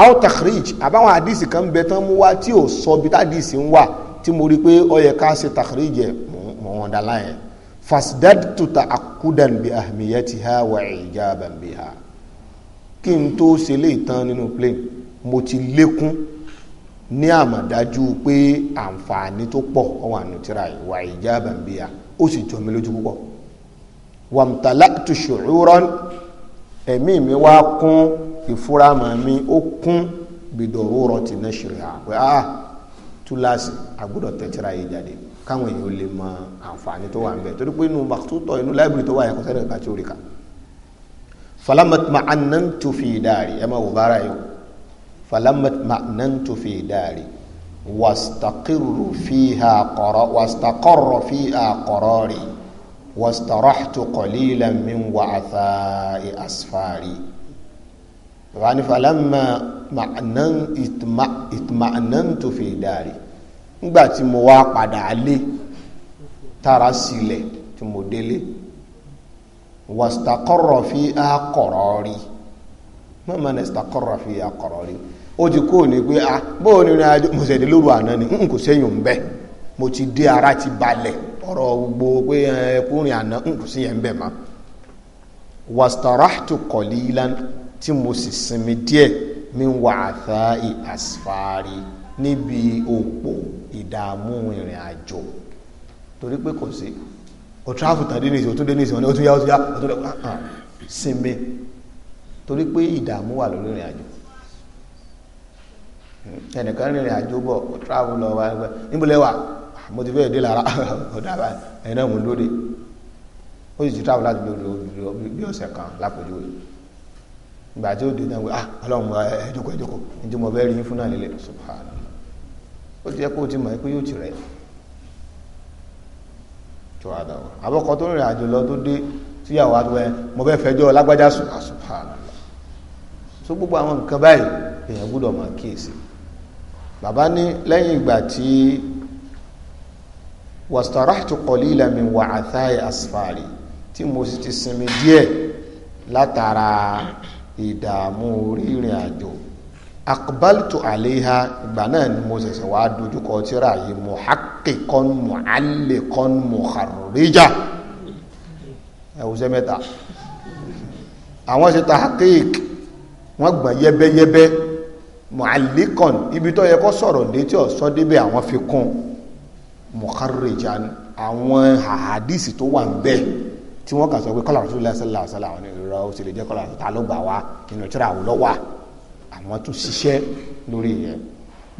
àwọn takhrij àbáwọn àdìsí kan bẹ tán mú wá tí ò sọ bí tádìsí ń wà tí mo rí pé ó yẹ kásì takhrij yẹ mọ̀ wọn dá láyẹn fasdadtu ta'akudan bi ahmiyatiha wa ijaban biha kí n tó ṣe lè tán nínú plane mo ti lékún ní àmọ̀dájú pé àǹfààní tó pọ̀ ọwọ́ ànútìrà ìwà ìjábà ń bí a ó sì jọ mi lójú púpọ̀ wàmtàlá tó ṣòro ẹ̀mí mi wá kún ìfúramọ̀ mi ó kún bìdọ̀rọ̀ rọ̀ tì náà ṣe à pé a túláàsì àgbọ̀dọ̀ tẹ̀tìrà yìí jáde káwọn èèyàn lè mọ àǹfààní tó wà ń bẹ̀ torí pé inú màtútọ̀ inú láìbìrì tó wà yẹn kò sẹ́ni tí ó rí ka falamatu ma'annan tó fi dáa ẹ má wò bára yìí falamat ma'nantu fi dari wastaqirru fiha qara wastaqarra fiha qarari wastarahtu qalilan min wa'athai asfari wani falamma ma'nan itma itma'nantu fi dari ngba tí mo wá padà lé tara sílẹ̀ tí mo délé wastakọrọ fi akọrọ rí mọ́mọ́ ní istakọrọ fi akọrọ rí ó ti kó ní pé ah bóò mo lóru àná ni n kò sẹ́yìn mo ti dé ara ti balẹ̀ ọ̀rọ̀ gbogbo pé ẹkùnrin àná n kò sí yẹn ma. bẹ̀ mọ́ wastarahtu tí mo sì sinmi díẹ̀ mi wà àtà ìasfari níbi òpó ìdààmú ìrìn àjò torí pé kò sí o travel tàdé ní ìsìn o tún dé ní ìsìn o tún yá o tún yá o ah, ah, torí pé ìdààmú wà lórí ẹnìkan rìnrìn àjò bọ travel lọ wá ẹgbẹ́ níbo lẹ́wà ah, mo ti fẹ́ dé lára ọ̀dà báyìí ẹ̀yin náà mo ń lóde ó sì ti travel láti bí kan lápòjúwe ìgbà tí ó dé náà ah ọlọ́run ẹ̀ẹ́dọ́kọ̀ ẹ̀ẹ́dọ́kọ̀ ní tí mo fẹ́ rí fún náà lélẹ̀ subhanallah ó ti yẹ kó o ti mọ̀ yóò ti tó tó rìnrìn àjò lọ tó dé síyàwó mo lágbájá ah, gbogbo àwọn nǹkan báyìí èèyàn bàbá ní lẹ́yìn ìgbà tí wastarahtu qalilan min wa'athai asfari tí mo sì ti sinmi díẹ̀ látara ìdààmú orí ìrìn àjò akbaltu aleha ìgbà náà ni mo ṣẹ̀ṣẹ̀ wá dojúkọ tírà yìí muhakkikan muallikan mukharrija ẹ̀wùsẹ́ mẹ́ta àwọn ṣe tahqiq wọ́n gbọ̀n yẹ́bẹ́yẹ́bẹ́ mu'allikan ibi tó yẹ kó sọ̀rọ̀ létí ọ̀sọ́ débẹ̀ àwọn fi kún mukharrijan àwọn àhàdìsì tó wà ń bẹ tí wọ́n kà sọ pé kọ́lá rasulillah sallallahu alaihi wasallam àwọn ìrora ó sì lè jẹ́ kọ́lá ta ló gbà wá inú tíra àwọn lọ́wà àwọn tún ṣiṣẹ́ lórí yẹn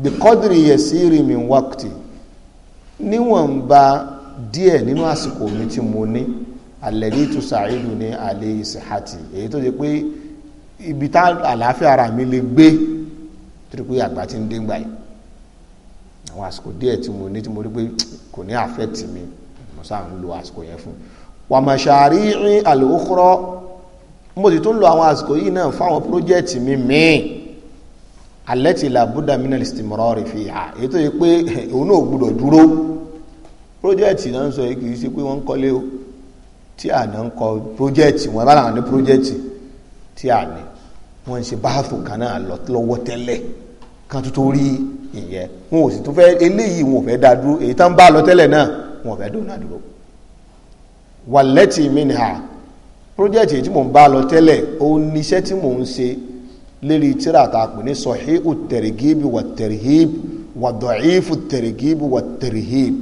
bí qadri yasiri min waqti níwọ̀nba díẹ̀ nínú àsìkò mi tí mo ní alẹ́rí tó sàáìdù ní alẹ́ ìsìhàtì èyí tó ṣe pé ibi tá àlàáfíà ara mi lè gbé torí pé àgbà ti ń dé gbà yìí àwọn àsìkò díẹ̀ tí mo ní tí mo rí pé kò ní affect mi mo sáà ń lo àsìkò yẹn fún wa mashari'i al-ukhra mo sì tún lo àwọn àsìkò yìí náà fáwọn project mi míì allati la budda minal istimrari fiha èyí tó yẹ pé òun náà gbúdọ̀ dúró project náà ń sọ yìí kì í ṣe pé wọ́n ń kọ́lé o tí a náà ń kọ project wọn bá làwọn ní project tí a ní wọ́n ń ṣe báàfù kan náà lọ́wọ́ tẹ́lẹ̀ kan tó torí ìyẹn wọn ò sì tó fẹ́ eléyìí wọn ò fẹ́ dá dúró èyí tá ń bá lọ tẹ́lẹ̀ náà wọn ò fẹ́ dóná dúró wàlẹ́tì minha project tí mò ń bá lọ tẹ́lẹ̀ ó níṣẹ́ tí mò ń ṣe lérí tíra tá a pè ní sahihu tẹ̀rìgíbi wà tẹ̀rìhíbi wà dọ̀ífù tẹ̀rìgíbi wà tẹ̀rìhíbi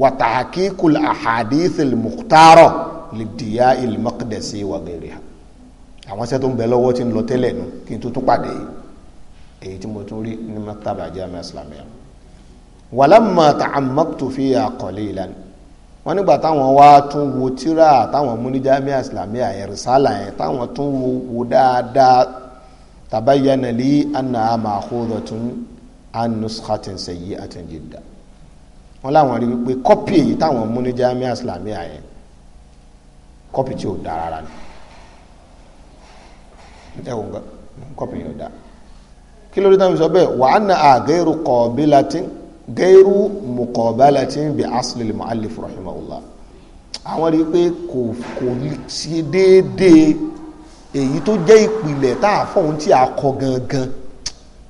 wà tàkíkù àhàdíìsì mùkútàrọ̀ lìdíyà ìlmọ́kìdẹ̀sí wà ghairiha àwọn iṣẹ́ tó ń bẹ lọ́wọ́ tí èyí tí mo tún rí ní maktaba jami'a islamiyya walamma ta'ammaktu fiya qalilan wọ́n nígbà táwọn wá tún wo tíra táwọn mú ní jami'a islamiyya yẹn risala yẹn táwọn tún wo wo dáadáa tabayyana li annaha ma'khudatun an nuskhatin sayyi'atin jidda wọ́n láwọn rí wípé kọ́pì èyí táwọn mú ní jami'a islamiyya yẹn kọ́pì tí ò dára rárá ẹ wò ń gbọ́ kọ́pì yẹn ò dára kí ló dé tán fi sọ bẹ́ẹ̀ wà á na àgẹ́rù kọ̀ọ̀bílatín gẹ́rù mùkọ̀ọ̀bálatín bí asìlè mu'allif rahimahullah àwọn rí i pé kò kò ṣe déédéé èyí tó jẹ́ ìpìlẹ̀ tá a fọ́hún tí a kọ gangan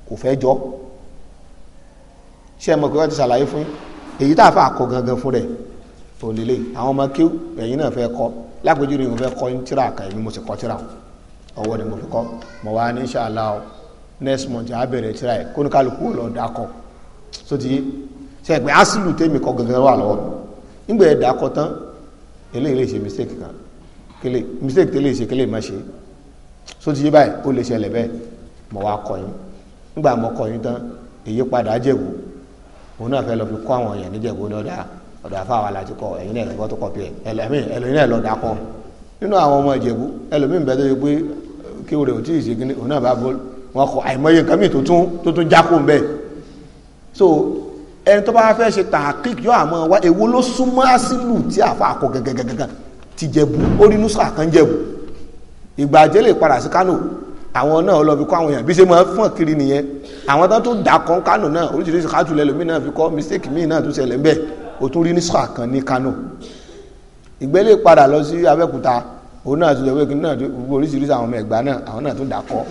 kò fẹ́ jọ ṣé ẹ mọ̀ pé wọ́n ti ṣàlàyé fún yín èyí tá a fẹ́ àkọ gangan fún rẹ̀ tó lélẹ̀ àwọn ọmọ kí ẹ̀yin náà fẹ́ kọ́ lápèjúwe mo fẹ́ kọ́ ní tíra àkàyè mi mo sì kọ́ tíra ọwọ́ ni mo fi kọ́ mo wá ní insha next month a bẹ̀rẹ̀ tíra ẹ̀ kó lọ dákọ̀ so ti ṣe ẹ̀pẹ́ asilu tẹ́mi kọ gẹ́gẹ́ wà lọ́wọ́ nígbà ẹ̀ dákọ̀ tán eléyìí lè ṣe mistake kan kele mistake tẹ́lẹ̀ ṣe kele má ṣe so ti yé báyìí ó lè ṣẹlẹ̀ bẹ́ẹ̀ mọ̀ wá kọ́ yín nígbà mọ̀ kọ́ yín tán èyí padà jẹ̀wò òun náà fẹ́ lọ fi kọ́ àwọn èèyàn níjẹ̀bú ní ọ̀dà ọ̀dà fáwọn aláti kọ ẹ̀yin náà lọ́kọ́ tó kọ̀ bí ẹ̀ ẹlẹ́mìn náà lọ́dà kọ́ nínú àwọn ọmọ ìjẹ̀bú ẹlòmíì bẹ́ẹ̀ tó yẹ pé kí ò tí ì wọn kọ àìmọye nǹkan míì tó tún jákò ń bẹ so ẹni tó bá fẹ́ ṣe tààkìk yọ àmọ́ wa èwo ló súnmọ́ àsìlù tí àfa àkọ gẹ́gẹ́gẹ́gẹ́ ti jẹ̀bù ó rí nùsà kan jẹ̀bù ìgbà àjẹ́ lè padà sí Kánò àwọn náà lọ fi kọ́ àwọn èèyàn bí ṣe máa ń fọ́n kiri nìyẹn àwọn tó dà kan Kánò náà oríṣiríṣi kátùlẹ̀ lómi náà fi kọ́ mistake míì náà tún ṣẹlẹ̀ ń bẹ ó tún rí nùsà kan ní Kánò ìgbẹ́lẹ̀ padà lọ sí Abẹ́òkúta òun náà tún jẹ́ pé náà oríṣiríṣi àwọn ọmọ ẹ̀gbá náà àwọn náà tún dà kọ́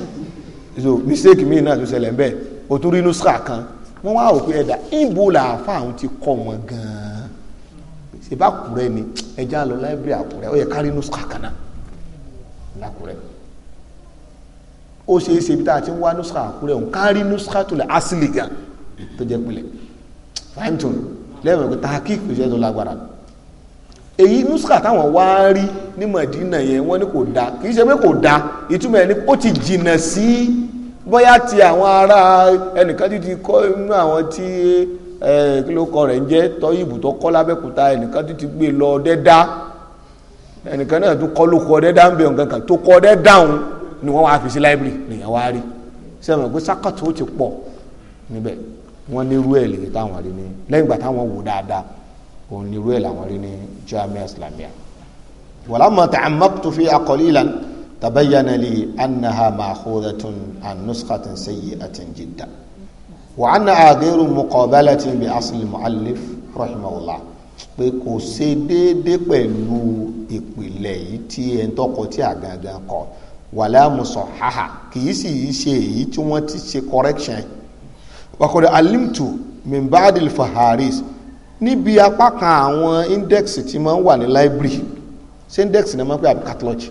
so mistake mi náà tó ṣẹlẹ̀ ń bẹ̀ o tún rí nusra kan wọ́n wá òpin ẹ̀dá ìbò làáfà àwọn ti kọ́ wọn gan-an ṣèbá kúrẹ́ ni ẹja lọ láìbírì àkúrẹ́ ó yẹ ká rí nusra kan náà lákúrẹ́ ó ṣe é ṣe bí tá a ti ń wá nusra àkúrẹ́ òun ká rí nusra tó lẹ̀ asili gan tó jẹ́ pinlẹ̀ fáìmtòn lẹ́yìn ọ̀gbìn tàkì kò ṣe é tó lágbára èyí nuska táwọn wá rí ní Madina yẹn wọ́n ní kò da kì í ṣe pé kò da ìtumọ̀ ẹni ó ti jìnnà sí bóyá ti àwọn ará ẹnìkan ti ti kọ́ inú àwọn tí kí ló kọ rẹ̀ ń jẹ́ tọ́yìbù tó kọ́ lábẹ́kúta ẹnìkan ti ti gbé lọ dẹ́dá ẹnìkan náà tó kọ́ ló kọ́ dẹ́dá ń bẹ̀ nǹkan kan tó kọ́ dẹ́dá òun ni wọ́n wá fi sí library nìyẹn wá rí sẹ́wọ̀n pé sákàtúntì pọ̀ níbẹ̀ wọ́n ní irú ẹ̀ lè ni lẹ́yìn ìgbà táwọn wò òun ni irú ẹ̀ làwọn rí ní Jamia Islamia walamma ta'ammaqtu fiha qalilan tabayyana li annaha ma'khudatun an nuskhatin sayyi'atin jiddan wa annaha ghayru muqabalatin bi asli al-mu'allif rahimahullah pé kò ṣe déédéé pẹ̀lú ìpìlẹ̀ yìí tí ẹ̀ ń tọkọ tí àgàgà kọ wàlámùsọ̀ haha kì sì í ṣe èyí tí wọ́n ti ṣe correction wakọ̀dọ̀ alimtu min faharis níbi apá kan àwọn index tí máa ń wà ní library ṣé index ni wọ́n pè àbí catalogy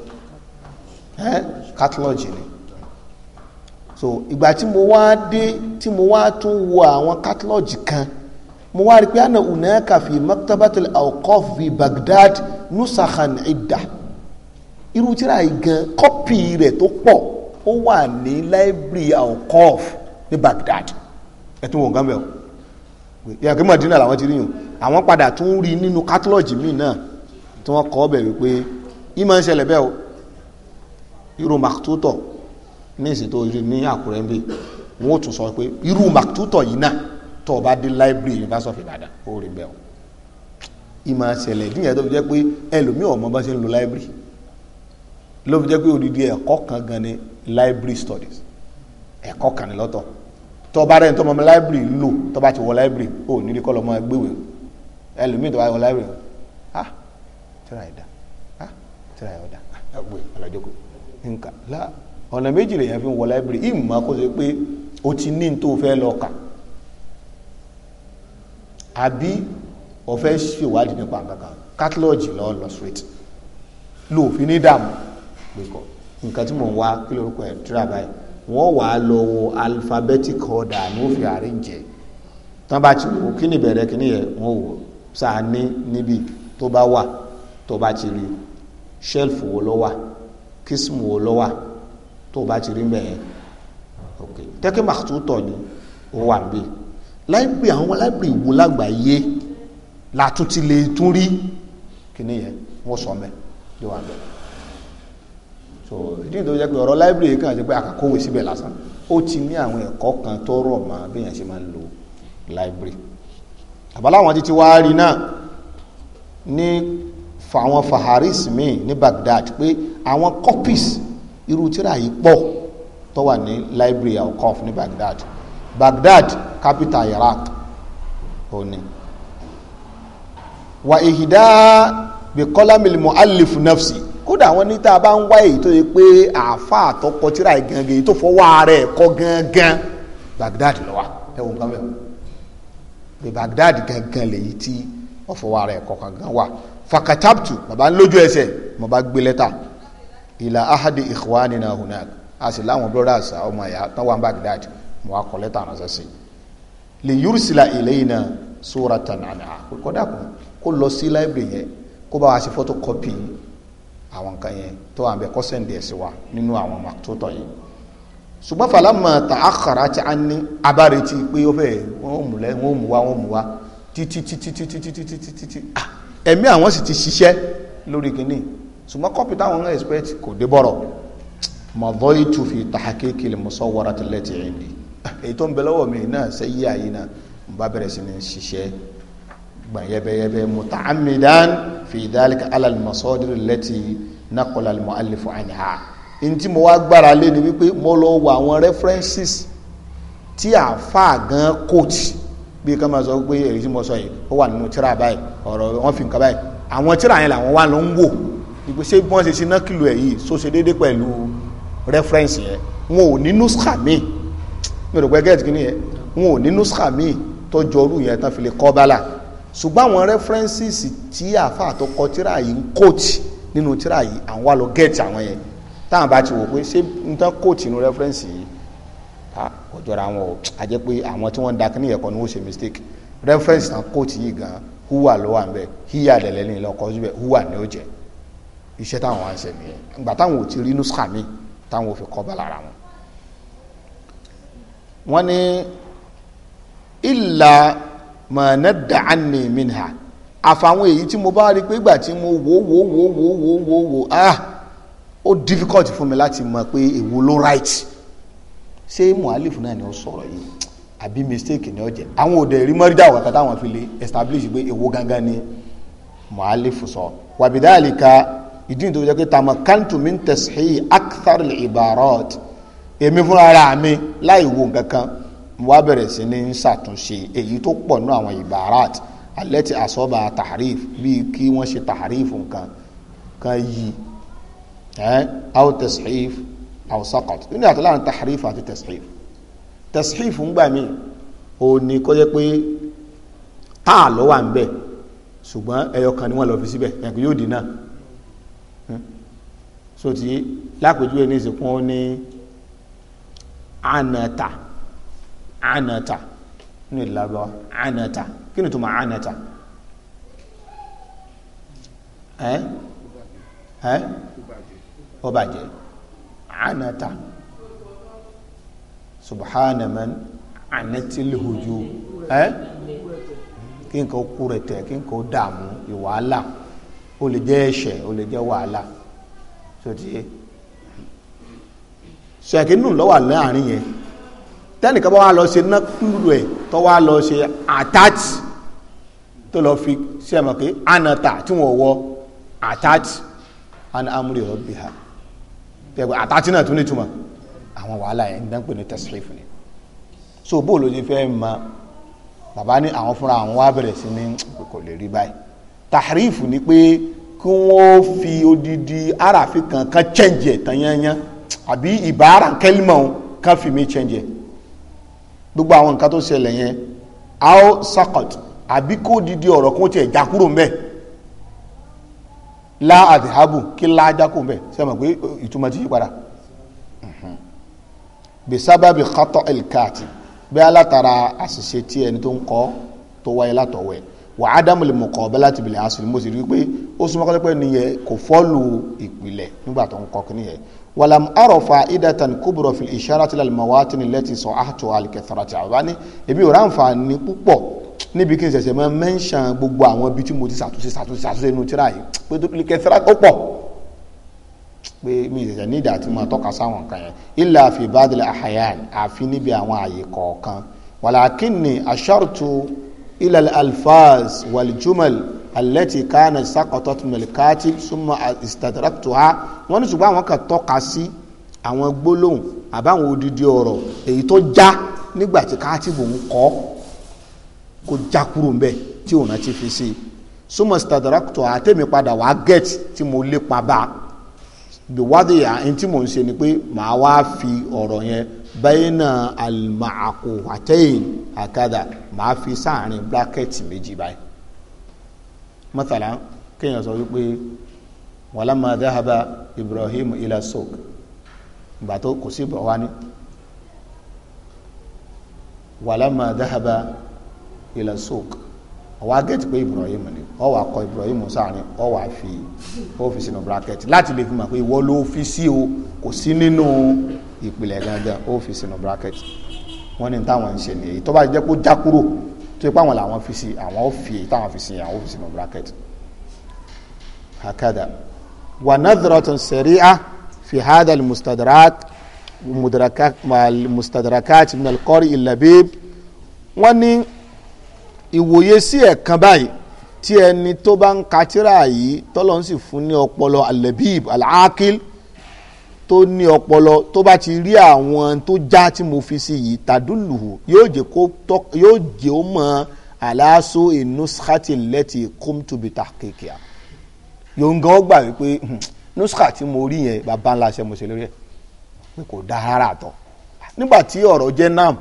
ẹ́ catalogy ni so ìgbà tí mo wá dé tí mo wá tún wo àwọn catalogy kan mo wá rí pé àna unaka fi maktabatul awqaf fi Baghdad nusakhan idda irú tíra yìí gan kọ́pì rẹ̀ tó pọ̀ ó wà ní library awqaf ní Baghdad ẹ̀ tún wọ̀ gán o yẹn kí mọ̀dínà làwọn ti rí yùn àwọn padà tún rí nínú kátólọ́jì míì náà tí wọ́n kọ́ ọbẹ̀ wípé ìmọ̀ ń ṣẹlẹ̀ bẹ́ẹ̀ o irú màtútọ̀ ní ìsìtò ní àkúrẹ́ ń bè wọ́n ó tún sọ pé irú màtútọ̀ yìí náà tó o bá dé library University of Ibadan ó rí bẹ́ẹ̀ o ìmọ̀ ń ṣẹlẹ̀ díyẹn tó fi jẹ́ pé ẹlòmíì ọ̀mọ́ bá ṣe ń lo library ló fi jẹ́ pé odidi ẹ̀kọ́ kan gan ni library studies ẹ̀kọ́ kan ni lọ́tọ̀ tó bá rẹ̀ tó mọ library ń lò tó bá ti wọ library ó ní kọ́ lọ́mọ gbéwè ẹlòmíì tó bá wọ library ah tíra ẹ̀dá ah tíra ẹ̀dá gbé alájọkọ la ọ̀nà méjì lèyàn fi ń wọ library ìmọ̀ kó ṣe pé o ti ní tó fẹ́ lọ kà àbí o fẹ́ ṣèwádìí nípa kátólọ́jì lọ lọ wọ́n wà á lọ wo alphabetic order ní òfin àríjẹ tán bá ti wò kí ni bẹ̀rẹ̀ kí ni yẹ wọ́n wò sáà níbi tó bá wà tó bá ti rí shelf wo ló wà kismu wo ló wà tó bá ti rí mẹ́ẹ̀ ok tẹ́kẹ́ màtú tọ̀ ni ó wà ń bẹ láìpẹ́ àwọn láìpẹ́ ìwo lágbàáyé látúntì lè tún rí kí ni yẹ wọ́n sọ mẹ́ yóò wà ń so ìdí tó jẹ́ pé ọ̀rọ̀ library kan ti pé àkàkọ́wé síbẹ̀ lásán ó ti ní àwọn ẹ̀kọ́ kan tó rọ̀ mọ́ béèyàn ṣe máa ń lo library àbáláwọn ti ti wá rí náà ní fàwọn faharis míì ní Baghdad pé àwọn copies irú tíra yìí pọ̀ tó wà ní library alcof ní Baghdad Baghdad capital Iraq ó ní wa ihida bi kọ́lámìlì mu'allif nafsi kódà àwọn ní tá a bá ń wá èyí tó yẹ pé àáfà àtọkọ tíra gangan èyí tó fọwọ́ ara ẹ̀ kọ́ gangan Baghdad ló wà ẹ wò nǹkan bẹ́ẹ̀ pé Baghdad gangan lèyí tí wọ́n fọwọ́ ara ẹ̀ kọ́ gangan wà fakatabtu bàbá ń lójú ẹsẹ̀ mo bá gbé lẹ́tà ìlà ahadi ikhwanina hunak a sì láwọn brothers ọmọ ẹ̀yà tán wà ní Baghdad mo wá kọ lẹ́tà ránṣẹ́ sí i lè yúrùsílà ilayna suratan anha kódà kó lọ sí library yẹn kó bá wa ṣe photocopy àwọn nǹkan yẹn tó wà bẹ kọ́sẹ̀ǹdì ẹ̀sìn wa nínú àwọn màtótọ̀ yìí ṣùgbọ́n fàlámà tà á kàrà a ní abárètí pé ó fẹ́ wọ́n mú lẹ́ wọ́n mú wa wọ́n mú wa títí títí títí títí títí títí ah, ẹ̀mí àwọn sì ti ṣiṣẹ́ lórí kìíní ṣùgbọ́n kọ́pì táwọn ń expect kò dé bọ̀rọ̀ mọ̀dọ́ ìtùfì tàhákéèkì lè mọ̀sọ́ wọ́ra tẹ̀lẹ́tì ẹ̀ ń di ah, èyí tó ń bẹ lọ́wọ́ mi náà sẹ́yí àyè náà ń bá bẹ̀rẹ̀ sí ní ṣiṣẹ́ gbà yẹbẹyẹbẹ muta'ammidan fi dhalika ala al-masadir allati naqala al-mu'allif anha ntí mo wá gbára lé ni wípé mo lọ wo àwọn references tí àáfàá gan coach bí ká máa sọ pé èyí mo sọ yìí ó wà nínú tíra báyìí ọ̀rọ̀ wọn fi nǹkan báyìí àwọn tíra yẹn làwọn wà ló ń wò ìpè ṣé bí ṣe ṣe kìlọ̀ ẹ̀ yìí so ṣe déédéé pẹ̀lú reference yẹn wọn ò ní nuskha mi ò rò pé gẹ́gẹ́ kí ni yẹn wọn ò ní nuskha mi ọdún yẹn tán fi lè kọ́ bálà ṣùgbọ́n àwọn references tí àfa àtọkọ tíra yìí ń kóòtì nínú tíra yìí àwọn wà lọ gẹ́ẹ̀tì àwọn yẹn táwọn bá ti wò pé ṣé n tán kóòtì nínú reference yìí a kò jọra wọn o a pé àwọn tí wọ́n ń da kí ni wọ́n ṣe mistake reference tán kóòtì yìí gan húwà ló wà ń bẹ híyà dẹ̀lẹ́ ní ìlọkọ síbẹ̀ húwà ni ó jẹ iṣẹ́ táwọn wá ń ṣe nìyẹn mọ̀nà dàánì mìnà àfàwọn èyí tí mo bá rí pé ìgbà tí mo wò wò wò wò wò wò wò ah ó difficult fún mi láti mọ̀ pé èwo ló right ṣé muhalif náà ni ó sọ̀rọ̀ yìí àbí mistake ni ó jẹ́ àwọn òde rí mọ́rídà wà kátà wọn fi lè establish pé èwo gangan ni muhalif sọ wàbídàlíkà ìdí nítorí jẹ́ pé tàmà kántu mi ń tẹ̀sí akthar ibarat èmi fúnra mi láì wo nǹkan kan wá bẹ̀rẹ̀ sí ní ṣàtúnṣe èyí tó pọ̀ nú àwọn ibarat alẹ́tì àsọ́ba tahrif bíi kí wọ́n ṣe tahrif nǹkan kan yí ẹ́ aw tashif aw saqat nínú àtàlà àwọn tahrif àti tashif tashif ń gbà mí ò ní kó jẹ́ pé táà ló wà ń bẹ̀ ṣùgbọ́n ẹyọ kan ni wọ́n lọ fi síbẹ̀ ẹ̀kọ́ yóò dínà hm? so ti lápèjúwe ní ìsìnkú ó ní ànàtà anata nínú èdè lágbàá anata kí ni ìtumọ̀ anata ẹ́ ẹ́ ó bàjẹ́ anata subhana man anatil huju ẹ́ kí n kò kú rẹ̀ tẹ̀ kí n kò dààmú ìwàhálà ó lè jẹ́ ẹ̀ṣẹ̀ ó lè jẹ́ wàhálà sọ ti ṣe ṣèkínú lọ́wọ́ láàrin yẹn tẹ́nìkan bá wà lọ ṣe nákúrú ẹ̀ tó wà lọ ṣe attach tó lọ fi ṣe mọ̀ pé anata tí wọ́n wọ attach an amúrí ọ̀bí ha tẹ́gbẹ́ attach náà tún nítumọ̀ àwọn wàhálà yẹn ń pè ní tasrif ni so bó ló fẹ́ ma bàbá ní àwọn fúnra àwọn wá bẹ̀rẹ̀ sí ní kò lè rí báyìí tahrif ni pé kí wọ́n fi odidi aráàfin kan kan change tanyanya tán yányán àbí ìbára kẹ́límọ̀ kan fi mí change gbogbo àwọn nǹkan tó ṣẹlẹ̀ yẹn ao sakot àbí kó didi ọ̀rọ̀ kó tiẹ̀ já kúrò ń bẹ̀ la adhabu kí la já kúrò ń bẹ̀ ṣe mọ̀ pé ìtumọ̀ ti yí padà mhmm. bí sábàbí kátó elkaati bí alátara àṣìṣe tí ẹni tó ń kọ́ tó wáyé látọ̀wẹ̀ wà á dámù lè mọ̀ kọ́ ọ̀bẹ láti bìlẹ̀ àṣìlè mo sì rí i pé ó súnmọ́ kọ́tẹ́pẹ́ nìyẹn kò fọ́ọ̀lù ìpìlẹ̀ nígbà tó ń kọ́ kí nìyẹn wàlàm àrọ̀ fa'idatan kubra fil isharati lal mawatin allati sa'ahtu al kathrati àbáni èmi ò ráǹfààní púpọ̀ níbi kí n ṣẹ̀ṣẹ̀ máa mẹ́ńṣàn gbogbo àwọn ibi tí mo ti ṣàtúnṣe ṣàtúnṣe ṣàtúnṣe inú tíra yìí pé tó lè kẹsàrà ó pọ̀ pé mi ṣẹ̀ṣẹ̀ ní ìdá tí mo tọ́ka sáwọn nǹkan yẹn illa fi ba'dil ahyan àfi níbi àwọn àyè kọ̀ọ̀kan walakinni ashartu ila al alfaz wal jumal alẹ́tì kánà sákọ̀tọ̀ mẹ̀lẹ́kátì súnmọ́ ìsìtàdàràtùhá wọ́n ní ṣùgbọ́n àwọn kan tọ́ka sí àwọn gbólóhùn àbáwọn odidi ọ̀rọ̀ èyí tó já nígbà tí kátìbù ń kọ́ kó já kúrò ń bẹ̀ tí òun ti fi sí i súnmọ́ ìsìtàdàràtùhá tèmi padà wàá gẹ̀t tí mo lépa bá a ìwádìí àyìn tí mò ń ṣe ni pé màá wá fi ọ̀rọ̀ yẹn bẹ́ẹ̀nà àlùmọ́ àkò àtẹ́yìn àkàdà màá fi sáàrin bírákẹ́tì méjì báyìí mọ́tàlá kéèyàn sọ wípé wàlámà dáhàbà Ibrahim ilà sok ìgbà tó kò sí bọ̀ wá ní wàlámà dáhàbà ilà sok ọwọ́ agẹ́tì pé Ibrahim ni ọwọ́ akọ Ibrahim sáàrin ọwọ́ àfi ọ́fíìsì nù bracket láti lè fi mọ̀ pé ìwọ ló fi sí o kò sí nínú ìpìlẹ̀ gangan ọ́fíìsì nù bracket wọ́n ní táwọn ń ṣe nìyí tó bá jẹ́ kó já kúrò tó yẹ pé àwọn làwọn fi sí àwọn ò fi èyí táwọn fi sí àwọn ò fi sínú bracket hakada wa nadratun sari'a fi hada almustadrak mustadrakat min alqari labib wọ́n ní ìwòye sí ẹ̀kan báyìí tí ẹni tó bá ń ka yìí tọ́lọ́ ń sì fún ní ọpọlọ alabib alakil al tó ní ọpọlọ tó bá ti rí àwọn tó já tí mo fi sí yìí tàdúlùú yóò jẹ́ kó tọ́ yóò jẹ́ ó mọ̀ aláṣọ ìnusxati lẹ́tì kómtùbìtà kékeré yòǹgà ó gbà wípé hmm, nusxa tí mo rí yẹn bàbá ńlá ṣe mo ṣe lórí ẹ̀ pé kò dá rárá tọ́ nígbà tí ọ̀rọ̀ jẹ́ nam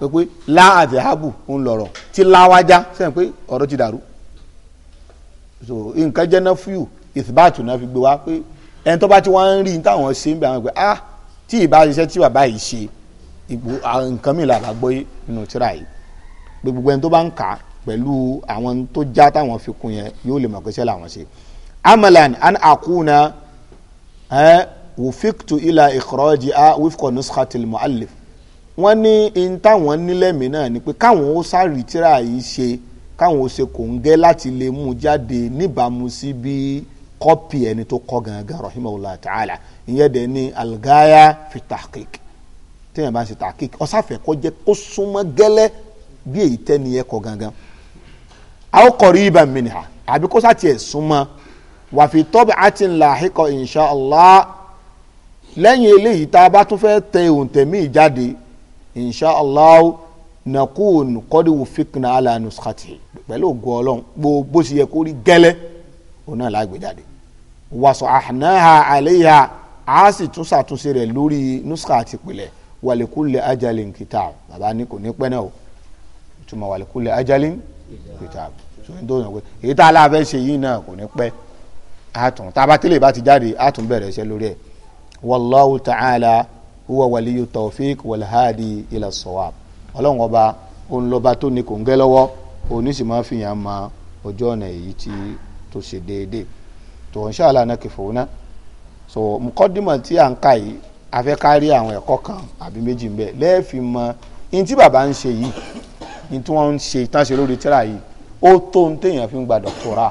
pé láàdì hábù ń lọ̀rọ̀ tí láwájá sẹ́yìn pé ọ̀rọ̀ ti dàrú so nǹkan jẹ́ náfíù ìsìbáàtù náà fi gbé wá pé ẹni tó bá ti wọ́n ń rí táwọn ṣe ń bẹ àwọn pé ah tí ì bá ṣiṣẹ́ tí bàbá yìí ṣe ipò nǹkan mìíràn àbágbọ́ nínú tíra yìí gbogbo ẹni tó bá ń kà pẹ̀lú àwọn tó já táwọn fi kún yẹn yóò lè mọ̀ pé ṣẹ́ làwọn ṣe. amalan an akuna ẹ wufiktu ila ikhraji a wifkọ nuskhatil muallif wọ́n ní in táwọn nílẹ̀mí náà ni pé káwọn ó sáré tíra yìí ṣe káwọn ó ṣe kòńgẹ́ láti lè mú jáde níbàámu sí bíi kọ́pì ẹni tó kọ́ gangan rahimahullah ta'ala ìyẹn dẹ̀ ní algaya fi tahqiq téèyàn bá ń ṣe tahqiq ọ̀sáfẹ́ kó jẹ́ kó súnmọ́ gẹ́lẹ́ bí èyí tẹ́ni yẹ kọ́ gangan aw qariban minha àbí kó sáà tiẹ̀ súnmọ́ wa fi tab'atin lahiqa insha Allah lẹ́yìn eléyìí tá a bá tún fẹ́ tẹ òǹtẹ̀mí jáde insha Allah nakun qad wufiqna ala nuskati pẹ̀lú ògo ọlọ́run gbogbo sì yẹ kó rí gẹ́lẹ́ òun náà láàgbé jáde wàsó àhànáhà àléyà á sì tún ṣàtúnṣe rẹ̀ lórí nuska àti ìpìlẹ̀ wàlíkúlẹ̀ ajalin kitab bàbá ní kò ní pẹ́ náà o ìtumọ̀ wàlíkúlẹ̀ ajalin kitab sóyún tó yàn pé èyí tá a láàbẹ̀ ṣe yìí náà kò ní pẹ́ àtún tabatẹ́lẹ̀ bá ti jáde àtún bẹ̀rẹ̀ iṣẹ́ lórí ẹ̀ wallahu ta'ala huwa waliyu tawfiq walhadi ila sawab ọlọ́run ọba òun lọ́ba tó ní kò ń gẹ́ lọ́wọ́ òun ní sì máa fi yàn máa ojú ọ̀nà èyí tí tó ṣe déédéé tó insha Allah nakifu ná so mukọ́dìmọ̀ tí à ń kà yìí afẹ́ kárí àwọn ẹ̀kọ́ kan àbí méjì ń bẹ lẹ́ẹ̀fì mọ ní tí bàbá ń ṣe yìí ní tí wọ́n ń ṣe tán ṣe lórí tíra yìí ó tó ní téèyàn fi ń gba dọ̀tọ́ra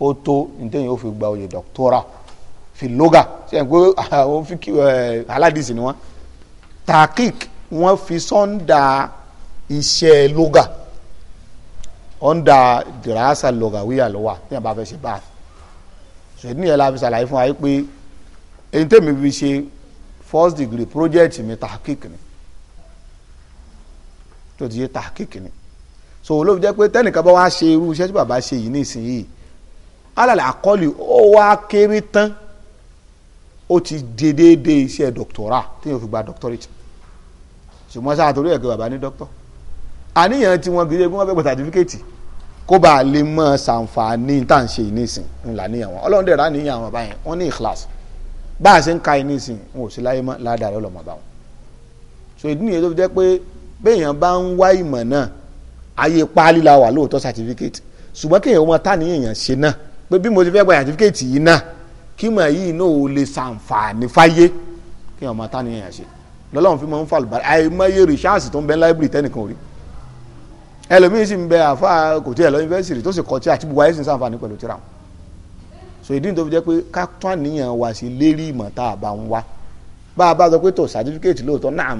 ó tó ní téèyàn ó fi gba oyè dọ̀tọ́ra fi lóga ṣe ń pé ah, àwọn fíkì aládìsí ni wọ́n takik wọ́n fi sọ́ńdà iṣẹ́ lóga ọ̀ndà dìrasa lọ́gàwíyà lọ́wà tí wọ́n bá fẹ́ ṣe báàfù ṣèdí nìyẹn la fi ṣàlàyé fún wa pé èyí tèmi fi ṣe first degree project mi tahqiq ni tó ti yé tahqiq ni so olóòfin jẹ́ pé tẹ́nìkan bá wá ṣe irú iṣẹ́ tí bàbá ṣe yìí nísìnyìí alàlẹ́ àkọ́lì ó wá kéré tán ó ti di déédéé iṣẹ́ doctorate tí yóò fi gba doctorate ṣùgbọ́n sáà torí ẹ̀ pé bàbá ní doctor àníyàn tí wọn kì í ṣe bí wọn fẹ́ gba sàtífíkẹ́tì kó bá a lè mọ ṣàǹfààní tá à ń ṣe ìnísìn ńlá níyàn wọn ọlọ́run dẹ̀rọ àníyàn wọn báyẹn wọn ní ìkíláàsì bá a ṣe ń ka ìnísìn wọn ò sí láyé mọ́ ládàá lọ́lọ́mọ bá wọn. so ìdí nìyẹn tó fi jẹ́ pé béèyàn bá ń wá ìmọ̀ náà ayé páálí la wà lóòótọ́ sàtífíkẹ́tì ṣùgbọ́n kéèyàn wọn tá níyàn ṣe náà pé bí mo ti fẹ́ gba sàtífíkẹ́tì yìí náà kí mọ̀ yìí náà ò lè ṣàǹfààní fáyé kéèyàn wọn tá níyàn ṣe lọ́lọ́run fi máa ń ẹlòmíín sì ń bẹ àfa kò tí ẹ lọ yunifásitì tó sì kọ tí àti buwáyé sì ń sàǹfààní pẹ̀lú tíra wọn so ìdí nítorí jẹ́ pé ká tún àníyàn wa sí lérí ìmọ̀ tá a bá ń wá bá a bá sọ pé tó sàtífíkẹ́tì lóòótọ́ náà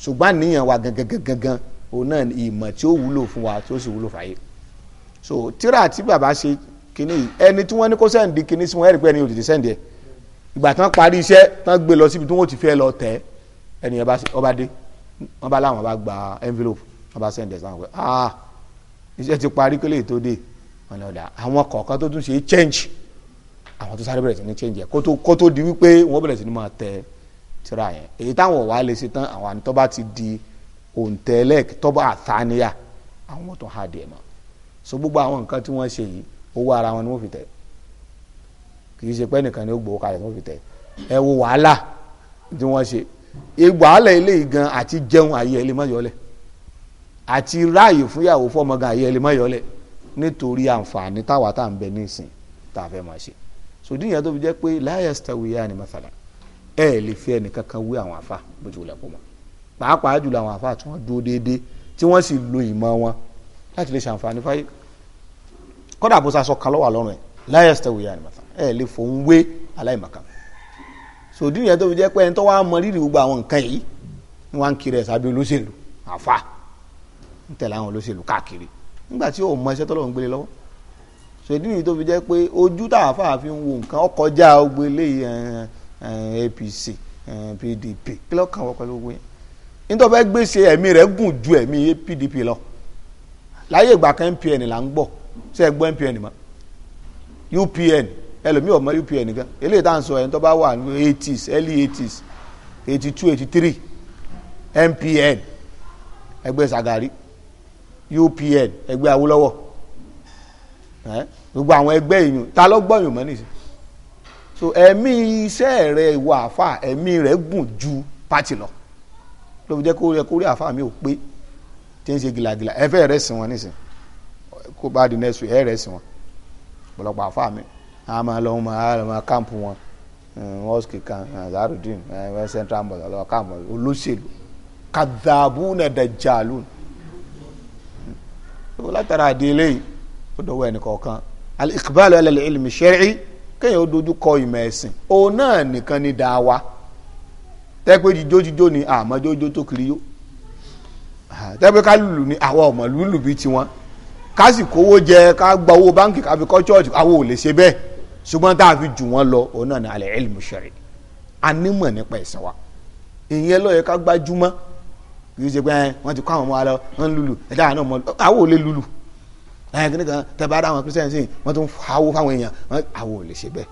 ṣùgbọ́n àníyàn wa gangan gangan gan òun náà ni ìmọ̀ tí ó wúlò fún wa tí ó sì wúlò fàyè so tíra tí bàbá ṣe kínní ẹni tí wọ́n ní kó sẹ́ǹdì kínní sí wọn ẹ̀rí pé ẹni òtítì sẹ́ǹdì ẹ̀ ìgbà tán parí iṣẹ́ tán gbé envelope wọn bá sẹ́ǹdẹ̀ sáwọn pé ah iṣẹ́ ti parí kí lè tó dé wọn ni àwọn kọ̀ọ̀kan tó tún ṣe change àwọn tó sáré bẹ̀rẹ̀ sí ní change yẹn kó tó di wípé wọ́n bẹ̀rẹ̀ sí ní máa tẹ tírà yẹn èyí táwọn wàá lè ṣe tán àwọn àni tó bá ti di òǹtẹ̀lẹ̀ tó bá àtàníyà àwọn tó hà dé mọ́ so gbogbo àwọn nǹkan tí wọ́n ṣe yìí owó ara wọn ni wọ́n fi tẹ̀ kì í ṣe pé nìkan ni ó gbowó kalẹ̀ tí wọ́n fi tẹ̀ ẹ wo wàhálà tí wọ́n ṣe ìgbàhálà eléyìí gan àti jẹun ayé ẹ lè má yọ ọ lẹ́ẹ̀ àti ráàyè fúnyàwó fọmọgà ayé ẹ lè mọ ìyọlẹ nítorí àǹfààní táwa tá à ń bẹ ní ìsìn tá a fẹ́ máa ṣe sòdí ìyẹn tó fi jẹ́ pé láyà sítàwìyà ni masala ẹ lè fi ẹnìkankan wé àwọn afa bójú wọlé kó mọ pàápàá jùlọ àwọn afa tí wọ́n dúró déédéé tí wọ́n sì lo ìmọ̀ wọn láti lè ṣàǹfààní fáyé kọ́dà bó sa sọ kan lọ́wọ́ àlọ́run ẹ̀ láyà sítàwìyà ni masala ẹ lè fòun wé aláìmọ̀kan sòdí ìyẹn tó fi jẹ́ pé ẹni tó wá mọ rírì gbogbo àwọn nǹkan yìí ni kiri ẹ̀ sábẹ́ olóṣèlú àfa ń tẹ̀lé àwọn olóṣèlú káàkiri nígbà tí ò mọ iṣẹ́ tọ́lọ́ ń gbélé lọ́wọ́ ṣèdí nìyí tó fi jẹ́ pé ojú tààfà fi ń wo nǹkan ọkọjá ogbe eléyìí APC PDP kí ló kàn wọ́n pẹ̀lú ogun yẹn nítorí fẹ́ gbèsè ẹ̀mí rẹ̀ gùn ju ẹ̀mí PDP lọ láyé ìgbà kan NPN là ń gbọ́ ṣe é gbọ́ NPN mọ́ UPN ẹlòmíì ọmọ UPN gan eléyìí tá à ń sọ ẹni tó bá wà ní eighties early eighties eighty two eighty three NPN ẹgbẹ́ Sagari UPN ẹgbẹ́ Awólọ́wọ̀ gbogbo àwọn ẹgbẹ́ èèyàn ta ló gbọ́yàn mọ́ nìyí so ẹ̀mí iṣẹ́ rẹ̀ ìwọ àáfà ẹ̀mí rẹ̀ gùn ju pátì lọ ló fi jẹ́ kó rẹ kó rí àáfà mi ò pé tí ń ṣe gìlàgìlà ẹ fẹ́ rẹ̀ sìn wọn nìyí kó bá di nẹ́sù ẹ rẹ̀ sìn wọn ọ̀pọ̀lọpọ̀ àáfà mi a máa lọ máa máa káàmpù wọn mosque kan azarudin central mosque ọlọ́wọ́ káàmpù olóṣèlú kàdàbù látara àdéhìlẹ yìí ó dọwọ́ ẹnìkọ̀ọ̀kan al-iqbal ala al-ilmi shar'i kéèyàn ó dojú kọ ìmọ̀ ẹ̀sìn òun náà nìkan ni dàwa tẹ́pẹ́ jíjójíjó ni àmọ́ jójó tó kiri yó tẹ́pẹ́ ká lùlù ni àwa ọ̀mọ̀ lùlù bíi tiwọn ká sì kówó jẹ ká gba owó báńkì ká fi kọ́ chọ́ọ̀tì àwọn ò lè ṣe bẹ́ẹ̀ ṣùgbọ́n tá a fi jù wọ́n lọ òun náà ni al-ilmu shar'i anímọ̀ nípa ẹ̀sìn wa ìyẹn ló yẹ ká gbájúmọ́ kì í ṣe pé wọ́n ti kọ́ àwọn ọmọ wa lọ wọ́n ń lulu ẹ̀dá àwọn ọmọ àwọn ò lè lulu ẹ̀hìn kìnnìkan tẹ̀bá dá àwọn christian sìn wọ́n tún hawó fáwọn èèyàn àwọn ò lè ṣe bẹ́ẹ̀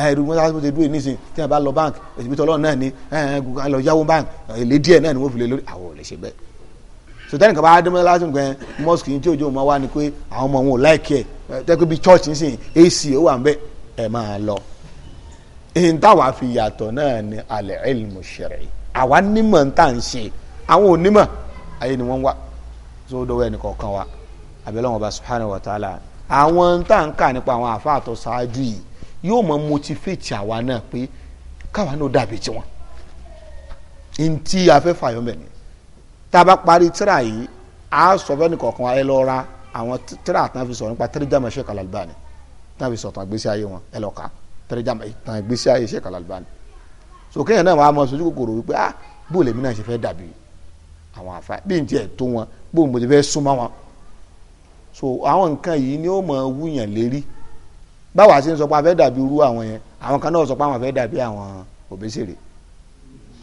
ẹ̀ẹ́dùn mọ́tà tó ti dúró nísìn tí wọ́n bá lọ bank ìsibítọ́ ọlọ́run náà ni ẹ̀ẹ́dùn lọ yáwó bank èlé díẹ̀ náà ni wọ́n fi lè lórí àwọn ò lè ṣe bẹ́ẹ̀ sọtẹ́ni kan bá dé mọ́tà lásìkò yẹn mosque yìí tí òjò máa wá ni pé àwọn ọmọ wọn ò láìkí ẹ̀ tẹ́kọ̀ bí church nísìn ac ó wà ń bẹ́ ẹ̀ máa lọ. ìhìn táwa fi yàtọ̀ náà ni al-ilmu shar'i àwa nímọ̀ ń tà ń ṣe àwọn onímọ̀ ayé ni wọ́n wá tó dọwọ́ ẹnì kọ̀ọ̀kan wa abẹ́lẹ́ wọn bá subhanahu wa ta'ala àwọn tá à ń kà nípa àwọn àfa àtọ̀ ṣáájú yìí yóò mọ motivate àwa náà pé káwa náà dàbí tiwọn ntí afẹ́fà yọ̀ mẹ́ni tá a bá parí tíra yìí a sọ fẹ́ nìkọ̀ọ̀kan ẹ lọ ra àwọn tíra àtàn fi sọ̀rọ̀ nípa tíríjàmà Sheikh Al-Albani tán fi sọ̀tàn gbèsè ayé wọn ẹ lọ kà tíríjàmà ìtàn gbèsè ayé Sheikh Al-Albani sòkè yẹn náà wàá mọ sojú kòkòrò wípé ah bóòlù èmi náà ṣe fẹ́ dàbí yìí àwọn àfa bí n tiẹ̀ tó wọn bó mo ti fẹ́ súnmọ́ wọn so àwọn nǹkan yìí ni ó mọ̀ wúyàn lérí báwa ṣe ń sọ pé a fẹ́ dàbí irú àwọn yẹn àwọn kan náà sọ pé àwọn fẹ́ dàbí àwọn òbésèrè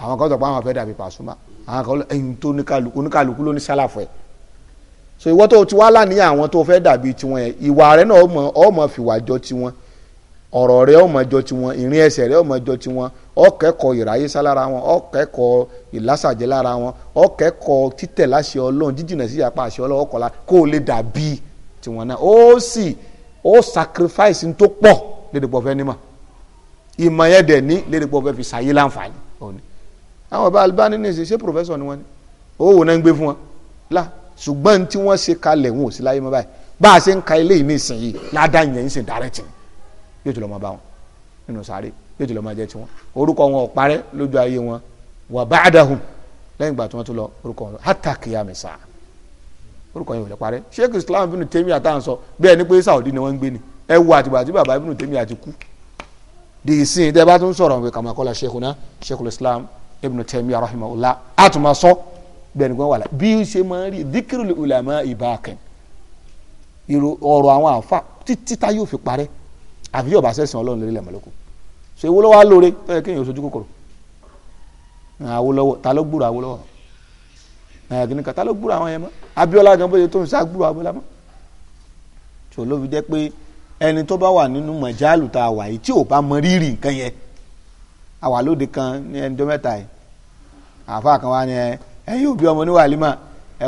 àwọn kan sọ pé àwọn fẹ́ dàbí pàṣùmá àwọn kan ẹyin tó oníkàlùkù ló ní sálàfọ̀ ẹ̀ so ìwọ tó ti wá láníyàn àwọn tó fẹ́ dàbí tiwọn yẹn ìwà rẹ náà ọmọ fìwà jọ tiwọn ọ̀rọ̀ rẹ ó máa jọ tiwọn ìrìn ẹsẹ̀ rẹ ó máa jọ tiwọn ó kẹ́kọ̀ọ́ ìráyésá lára wọn ó kẹ́kọ̀ọ́ ìlásàjẹ́ lára wọn ó kẹ́kọ̀ọ́ títẹ̀ láṣẹ ọlọ́run jíjìnà sí ìyapa àṣẹ ọlọ́run ọkọ̀la kó o lè dàbí tiwọn náà ó sì ó sacrifice tó pọ̀ lédè pọ̀ fẹ́ ní mọ̀ ìmọ̀ yẹn dẹ̀ ní lédè pọ̀ fẹ́ fi ṣàyé láǹfààní òní. àwọn ọba Albani ní ṣe ṣé professor ni wọn ni owó náà ń gbé fún wọn la ṣùgbọ́n tí wọ́n ṣe kalẹ̀ wọn ò sí láyé mọ́ báyìí bá a ṣe ń ka ilé yìí ní yóò ti lọ máa bá wọn nínú sáré yóò ti lọ máa jẹ tiwọn orúkọ wọn ò parẹ́ lójú ayé wọn wà ba'dahum lẹ́yìn ìgbà tí wọ́n ti lọ orúkọ wọn hatta qiyam as-sa'a orúkọ yẹn ò lè parẹ́ sheikh islam ibn Taymiyyah àtàwọn sọ bẹ́ẹ̀ ni pé saudi ni wọ́n ń gbé ni ẹ wo àtìgbà tí bàbá ibn Taymiyyah àti kú di ìsìn tẹ́ bá tún sọ̀rọ̀ pé kama qala sheikhuna sheikhul islam ibn Taymiyyah rahimahullah àtùmọ̀ sọ bẹ́ẹ̀ ni wọ́n wà lá bí ó ṣe máa rí dhikrul ulama ìbáàkẹ́ ọ̀rọ̀ àwọn àfa títí tá yóò fi parẹ́ àfi yóò bá sẹ́sìn ọlọ́run lórílẹ̀ mọ́lẹ́kù ṣe ewu ló wá lóore tó yẹ kéèyàn sojú kòkòrò Awólọ́wọ̀ ta ló gbúrò Awólọ́wọ̀ ẹ̀ẹ́dínní kan ta ló gbúrò àwọn yẹn mọ́ Abíọ́lá gan bóyá tó ń sá gbúrò Abíọ́lá mọ́ tó ló fi jẹ́ pé ẹni tó bá wà nínú mọ̀jálù tá a wà yìí tí ò bá mọ rírì nǹkan yẹn àwà lóde kan ní ẹni tó mẹ́ta yìí àfa kan wá ní ẹ ẹ̀yin òbí ọmọ oníwàlímà ẹ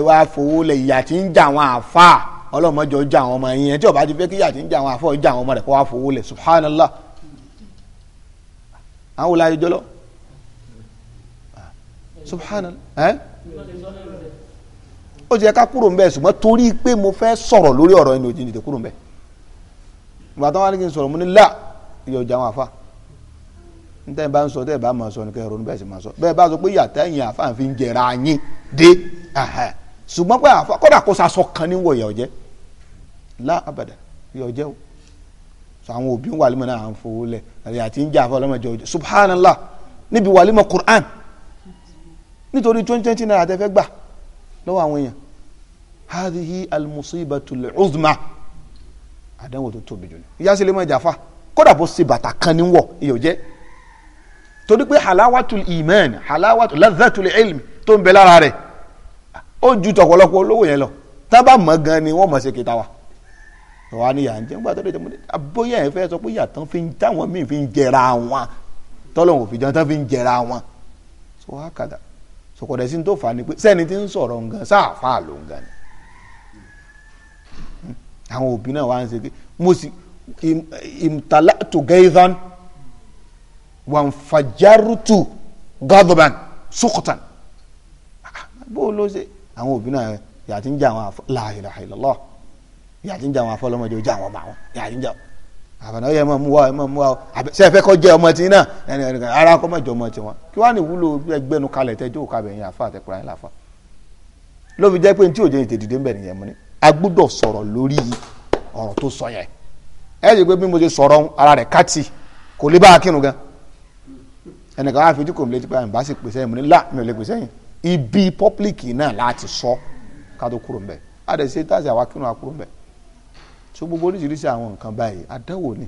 wá fowó lẹ̀ ìyà tí ń jà àwọn àfa ọlọ́mọjọ já àwọn ọmọ yẹn tí ọba ti fẹ́ kíyà tí ń já àwọn afọ́ já àwọn ọmọ rẹ̀ kó wá fowó lẹ̀ subhanallah àwọn wòlá ayé jọlọ subhanallah ẹ ó ti yẹ ká kúrò ń bẹ ṣùgbọ́n torí pé mo fẹ́ sọ̀rọ̀ lórí ọ̀rọ̀ ẹni òjijì tẹ kúrò ń bẹ ìgbà tó wà ní kí n sọ̀rọ̀ mo ní là ìyọ̀ ọjà àwọn afa níta ẹ̀ bá ń sọ tẹ́ ẹ̀ bá máa sọ ní kẹ́hìn ronú bẹ́ẹ̀ sì máa sọ bẹ́ẹ̀ bá sọ pé yàtọ̀ ẹ̀yìn àfa àfi ń jẹra yín dé ṣùgbọ́n pé àfa kódà kó sa sọ kan níwọ̀ ìyà ọ̀jẹ́ lá abàdà yọ jẹ́ o so àwọn òbí ń wàlímọ̀ náà à ń fowó lẹ̀ àti ń jẹ́ àfọ ọlọ́mọdé ọjọ́ subhanallah níbi wàlímọ̀ Qur'an nítorí twenty twenty naira tẹ́ fẹ́ gbà lọ́wọ́ àwọn èèyàn hadhihi almusibatul uzma àdánwò tó tóbi jù ní ìyá sílẹ̀ mọ́ ìjàfà kódà bó ṣe bàtà kan ní wọ̀ iyọ̀ jẹ́ torí pé halawatul iman halawatul ladhatul ilmi tó ń bẹ lára rẹ̀ ó ju tọ̀pọ̀lọpọ̀ olówó yẹn lọ tá bá mọ̀ ni wọ́n mọ̀ ṣe kìtà wa wà ní yà ń jẹ nígbà tó lè jẹ mo ní abóyá ah, ẹ fẹ́ sọ pé yàtọ̀ fi ń táwọn míì fi ń jẹra wọn tọ́lọ̀ òfin jẹun tán fi ń jẹra wọn so wá kàdà sọkọ̀dẹ̀ sí ní tó fà á ni pé sẹ́ni tí ń sọ̀rọ̀ nǹkan sáàfà ló ń gan ni hmm. àwọn òbí náà wá ń ṣe pé mo sì ìmùtàlá tó gẹ́ẹ́dán wà ń fàjárùtù gọ́dọ̀bàn sókòtàn ah, bó ló ṣe àwọn òbí náà yàtí ń jẹ àwọn àfọ la ilaha illallah ìyá tí ń jẹ àwọn afọlọmọdé ojú àwọn ọmọ àwọn ìyá tí ń jẹ àbànà ọyẹ mọ mú wa mọ mú wa ṣe fẹ́ kọ jẹ ọmọ tí náà ẹni ẹni ara kọ mọ jẹ ọmọ tí wọn kí wàá ní ìwúlò ẹgbẹnu kalẹ̀ tẹjọ òkàbẹ yẹn àfa àtẹkùrẹ yẹn láfa lóbi jẹ pé ní tí òjò yìí tètè dé mbẹ nìyẹn mo ní a gbúdọ̀ sọ̀rọ̀ lórí ọ̀rọ̀ tó sọ yẹn ẹ jẹ pé bí mo ṣe sọ̀rọ̀ ara rẹ̀ káàtì kò lè bá a kírun gan ẹnìkan wàá fi ojú kò lè ti pa ẹ̀ ń bá sì pèsè ẹ̀ mo ní mi ò lè pèsè yẹn ibi pọ́pílìkì náà láti sọ ká tó kúrò mbẹ àdèsí táàsì àwa kírun àkúrò mbẹ so gbogbo oríṣiríṣi àwọn nǹkan báyìí àdánwò ni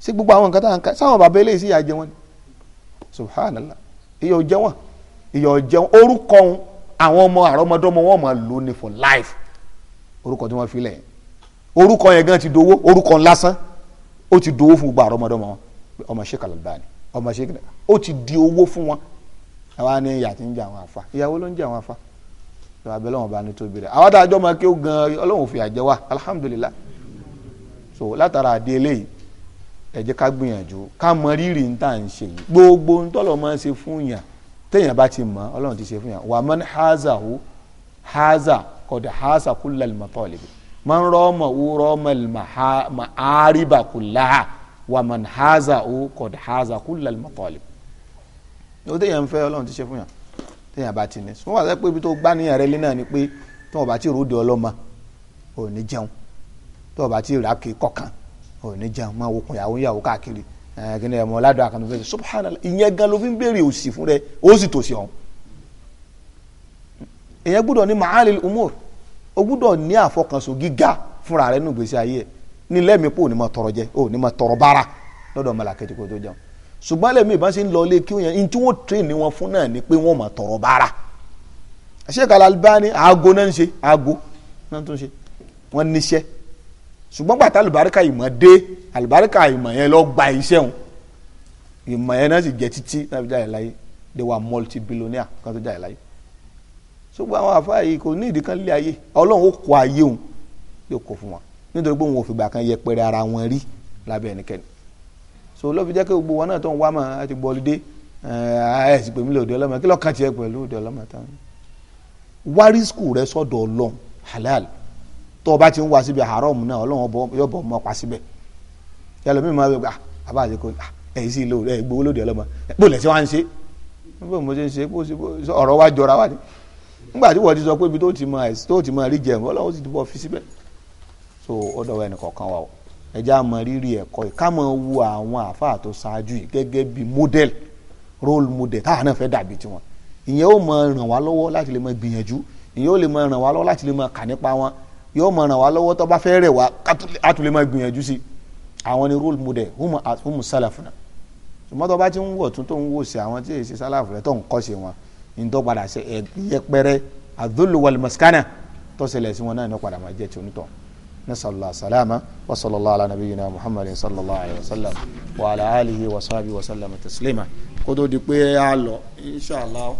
sí gbogbo àwọn nǹkan táwọn kan sáwọn bàbá eléyìí sì jẹ wọn subhanallah ìyà ò jẹ wọn ìyà ò jẹ wọn orúkọ àwọn ọmọ àrọmọdọ́mọ wọn máa lò ní for life orúkọ tí wọn fi lẹ orúkọ yẹn gan ti dowó orúkọ lásán ó ti dowó fún gbogbo àrọmọdọ́mọ wọn ọmọ Sheikh Al-Albani ọmọ Sheikh ó ti di owó fún wọn àwa ni ìyà ti ń jẹ àwọn afa ìyàwó ló ń jẹ àwọn afa ìwà abẹ́lẹ́ wọn bá ní tóbi rẹ̀ àwa tá máa kí ó gan ọlọ́run ò fìyà jẹ alhamdulillah so látara àdé eléyìí ẹ jẹ́ ká gbìyànjú ká mọ rírì ń tà ń ṣe yìí gbogbo ń tọ́lọ̀ máa ń ṣe fún yàn téèyàn bá ti mọ̀ ọlọ́run ti ṣe fún yàn wà mọ́n haza hu haza kọ̀dọ̀ haza kullal matalibi man rọ́ọ̀mọ̀ hu rọ́ọ̀mọ̀ ma'ariba kullaha wà mọ́n haza hu kọ̀dọ̀ haza kullal matalibi ó téèyàn ń fẹ́ ọlọ́run ti ṣe fún yàn téèyàn bá ti ní sọ wà sẹ́ pé ibi tó gbá níyàn rẹ náà ni pé tí wọ́n bá ti ròde ọlọ́mọ ò jẹun tó o bá ti rà kí kọ̀kan ò ní jẹun máa wo kun yàwó yàwó káàkiri ẹ̀ kí ni ẹ̀ mọ́ ládùn àkànnì fẹ́ subhanallah ìyẹn gan ló fi ń béèrè òsì fún rẹ ó sì tòsí ọ̀hún èyàn gbúdọ̀ ní maali umur o gbúdọ̀ ní àfọkànsùn gíga fúnra rẹ nù gbèsè ayé ẹ ní lẹ́mìí pò ní ma tọrọ jẹ ò ní ma tọrọ bára lọ́dọ̀ malakẹ́tì kò tó jẹun ṣùgbọ́n lẹ́mìí bá ṣe ń lọ kí wọ́n yẹn wọ́n train ni wọ́n fún náà ni pé wọ́n ma tọrọ bára Sheikh Al-Albani aago náà ń ṣe aago náà tó ṣe wọ́n níṣẹ́ ṣùgbọ́n gbàtà àlùbáríkà ìmọ̀ dé àlùbáríkà ìmọ̀ yẹn lọ gba iṣẹ́ wọn ìmọ̀ yẹn náà sì jẹ́ títí náà jáde láyé they were multi billionaire kan tó jáde láyé ṣùgbọ́n àwọn àfáà yìí kò ní ìdí kan lé ayé ọlọ́run ó kó ayé òun yóò kó fún wọn nítorí pé òun ò fìgbà kan yẹpẹrẹ ara wọn rí lábẹ́ ẹnikẹ́ni so ló fi jẹ́ kí gbogbo wọn náà tó ń wá mọ̀ ẹ ti gbọ́lídé ẹ sì pè mí halal tó o bá ti ń wá síbi haram náà ọlọ́run yóò bọ̀ ọmọ pa síbẹ̀ ẹlòmíì máa ń gbà ah, àbá àti kò ah, ẹ̀yìn sí ilé ẹ̀ gbowó lóde ọlọ́mọ bó lẹ̀ sí wá ń ṣe bó mo ṣe ń ṣe bó ṣe ọ̀rọ̀ wa jọra wa ni nígbà tí wọ́n ti sọ pé ibi tó ti mọ tó ti mọ rí jẹun ọlọ́run ti bọ̀ fi síbẹ̀ so ó dọ̀wọ́ ẹnì kọ̀ọ̀kan wa o ẹ já mọ rírì ẹ̀kọ́ yìí ká mọ wo àwọn àfáà tó ṣáájú yìí gẹ́gẹ́ bí model role model táwa náà fẹ́ dàbí tiwọn ìyẹn ó mọ ràn wá lọ́wọ́ láti lè mọ gbìyànjú ìyẹn ó lè mọ ràn wá lọ́wọ́ láti lè mọ kà nípa wọn yóò mọ ràn wá lọ́wọ́ tó bá fẹ́ rẹ̀ wá àtúlẹ̀ máa gbìyànjú sí àwọn ni role model humu humu sálàfùnà ṣùgbọ́n tó bá ti ń wọ̀ tún tó ń wò sí àwọn tí èyí ṣe sálàfùnà tó ń kọ́ sí wọn ní tó padà ṣe ẹ̀yẹpẹrẹ adhullu wal maskana tó ṣẹlẹ̀ sí wọn náà ní padà máa jẹ́ ti onítọ̀ nasalala salama wa sallallahu ala nabiyyina muhammadin sallallahu alayhi wa sallam wa ala alihi wa sahbihi wa sallam taslima kó tó di pé a lọ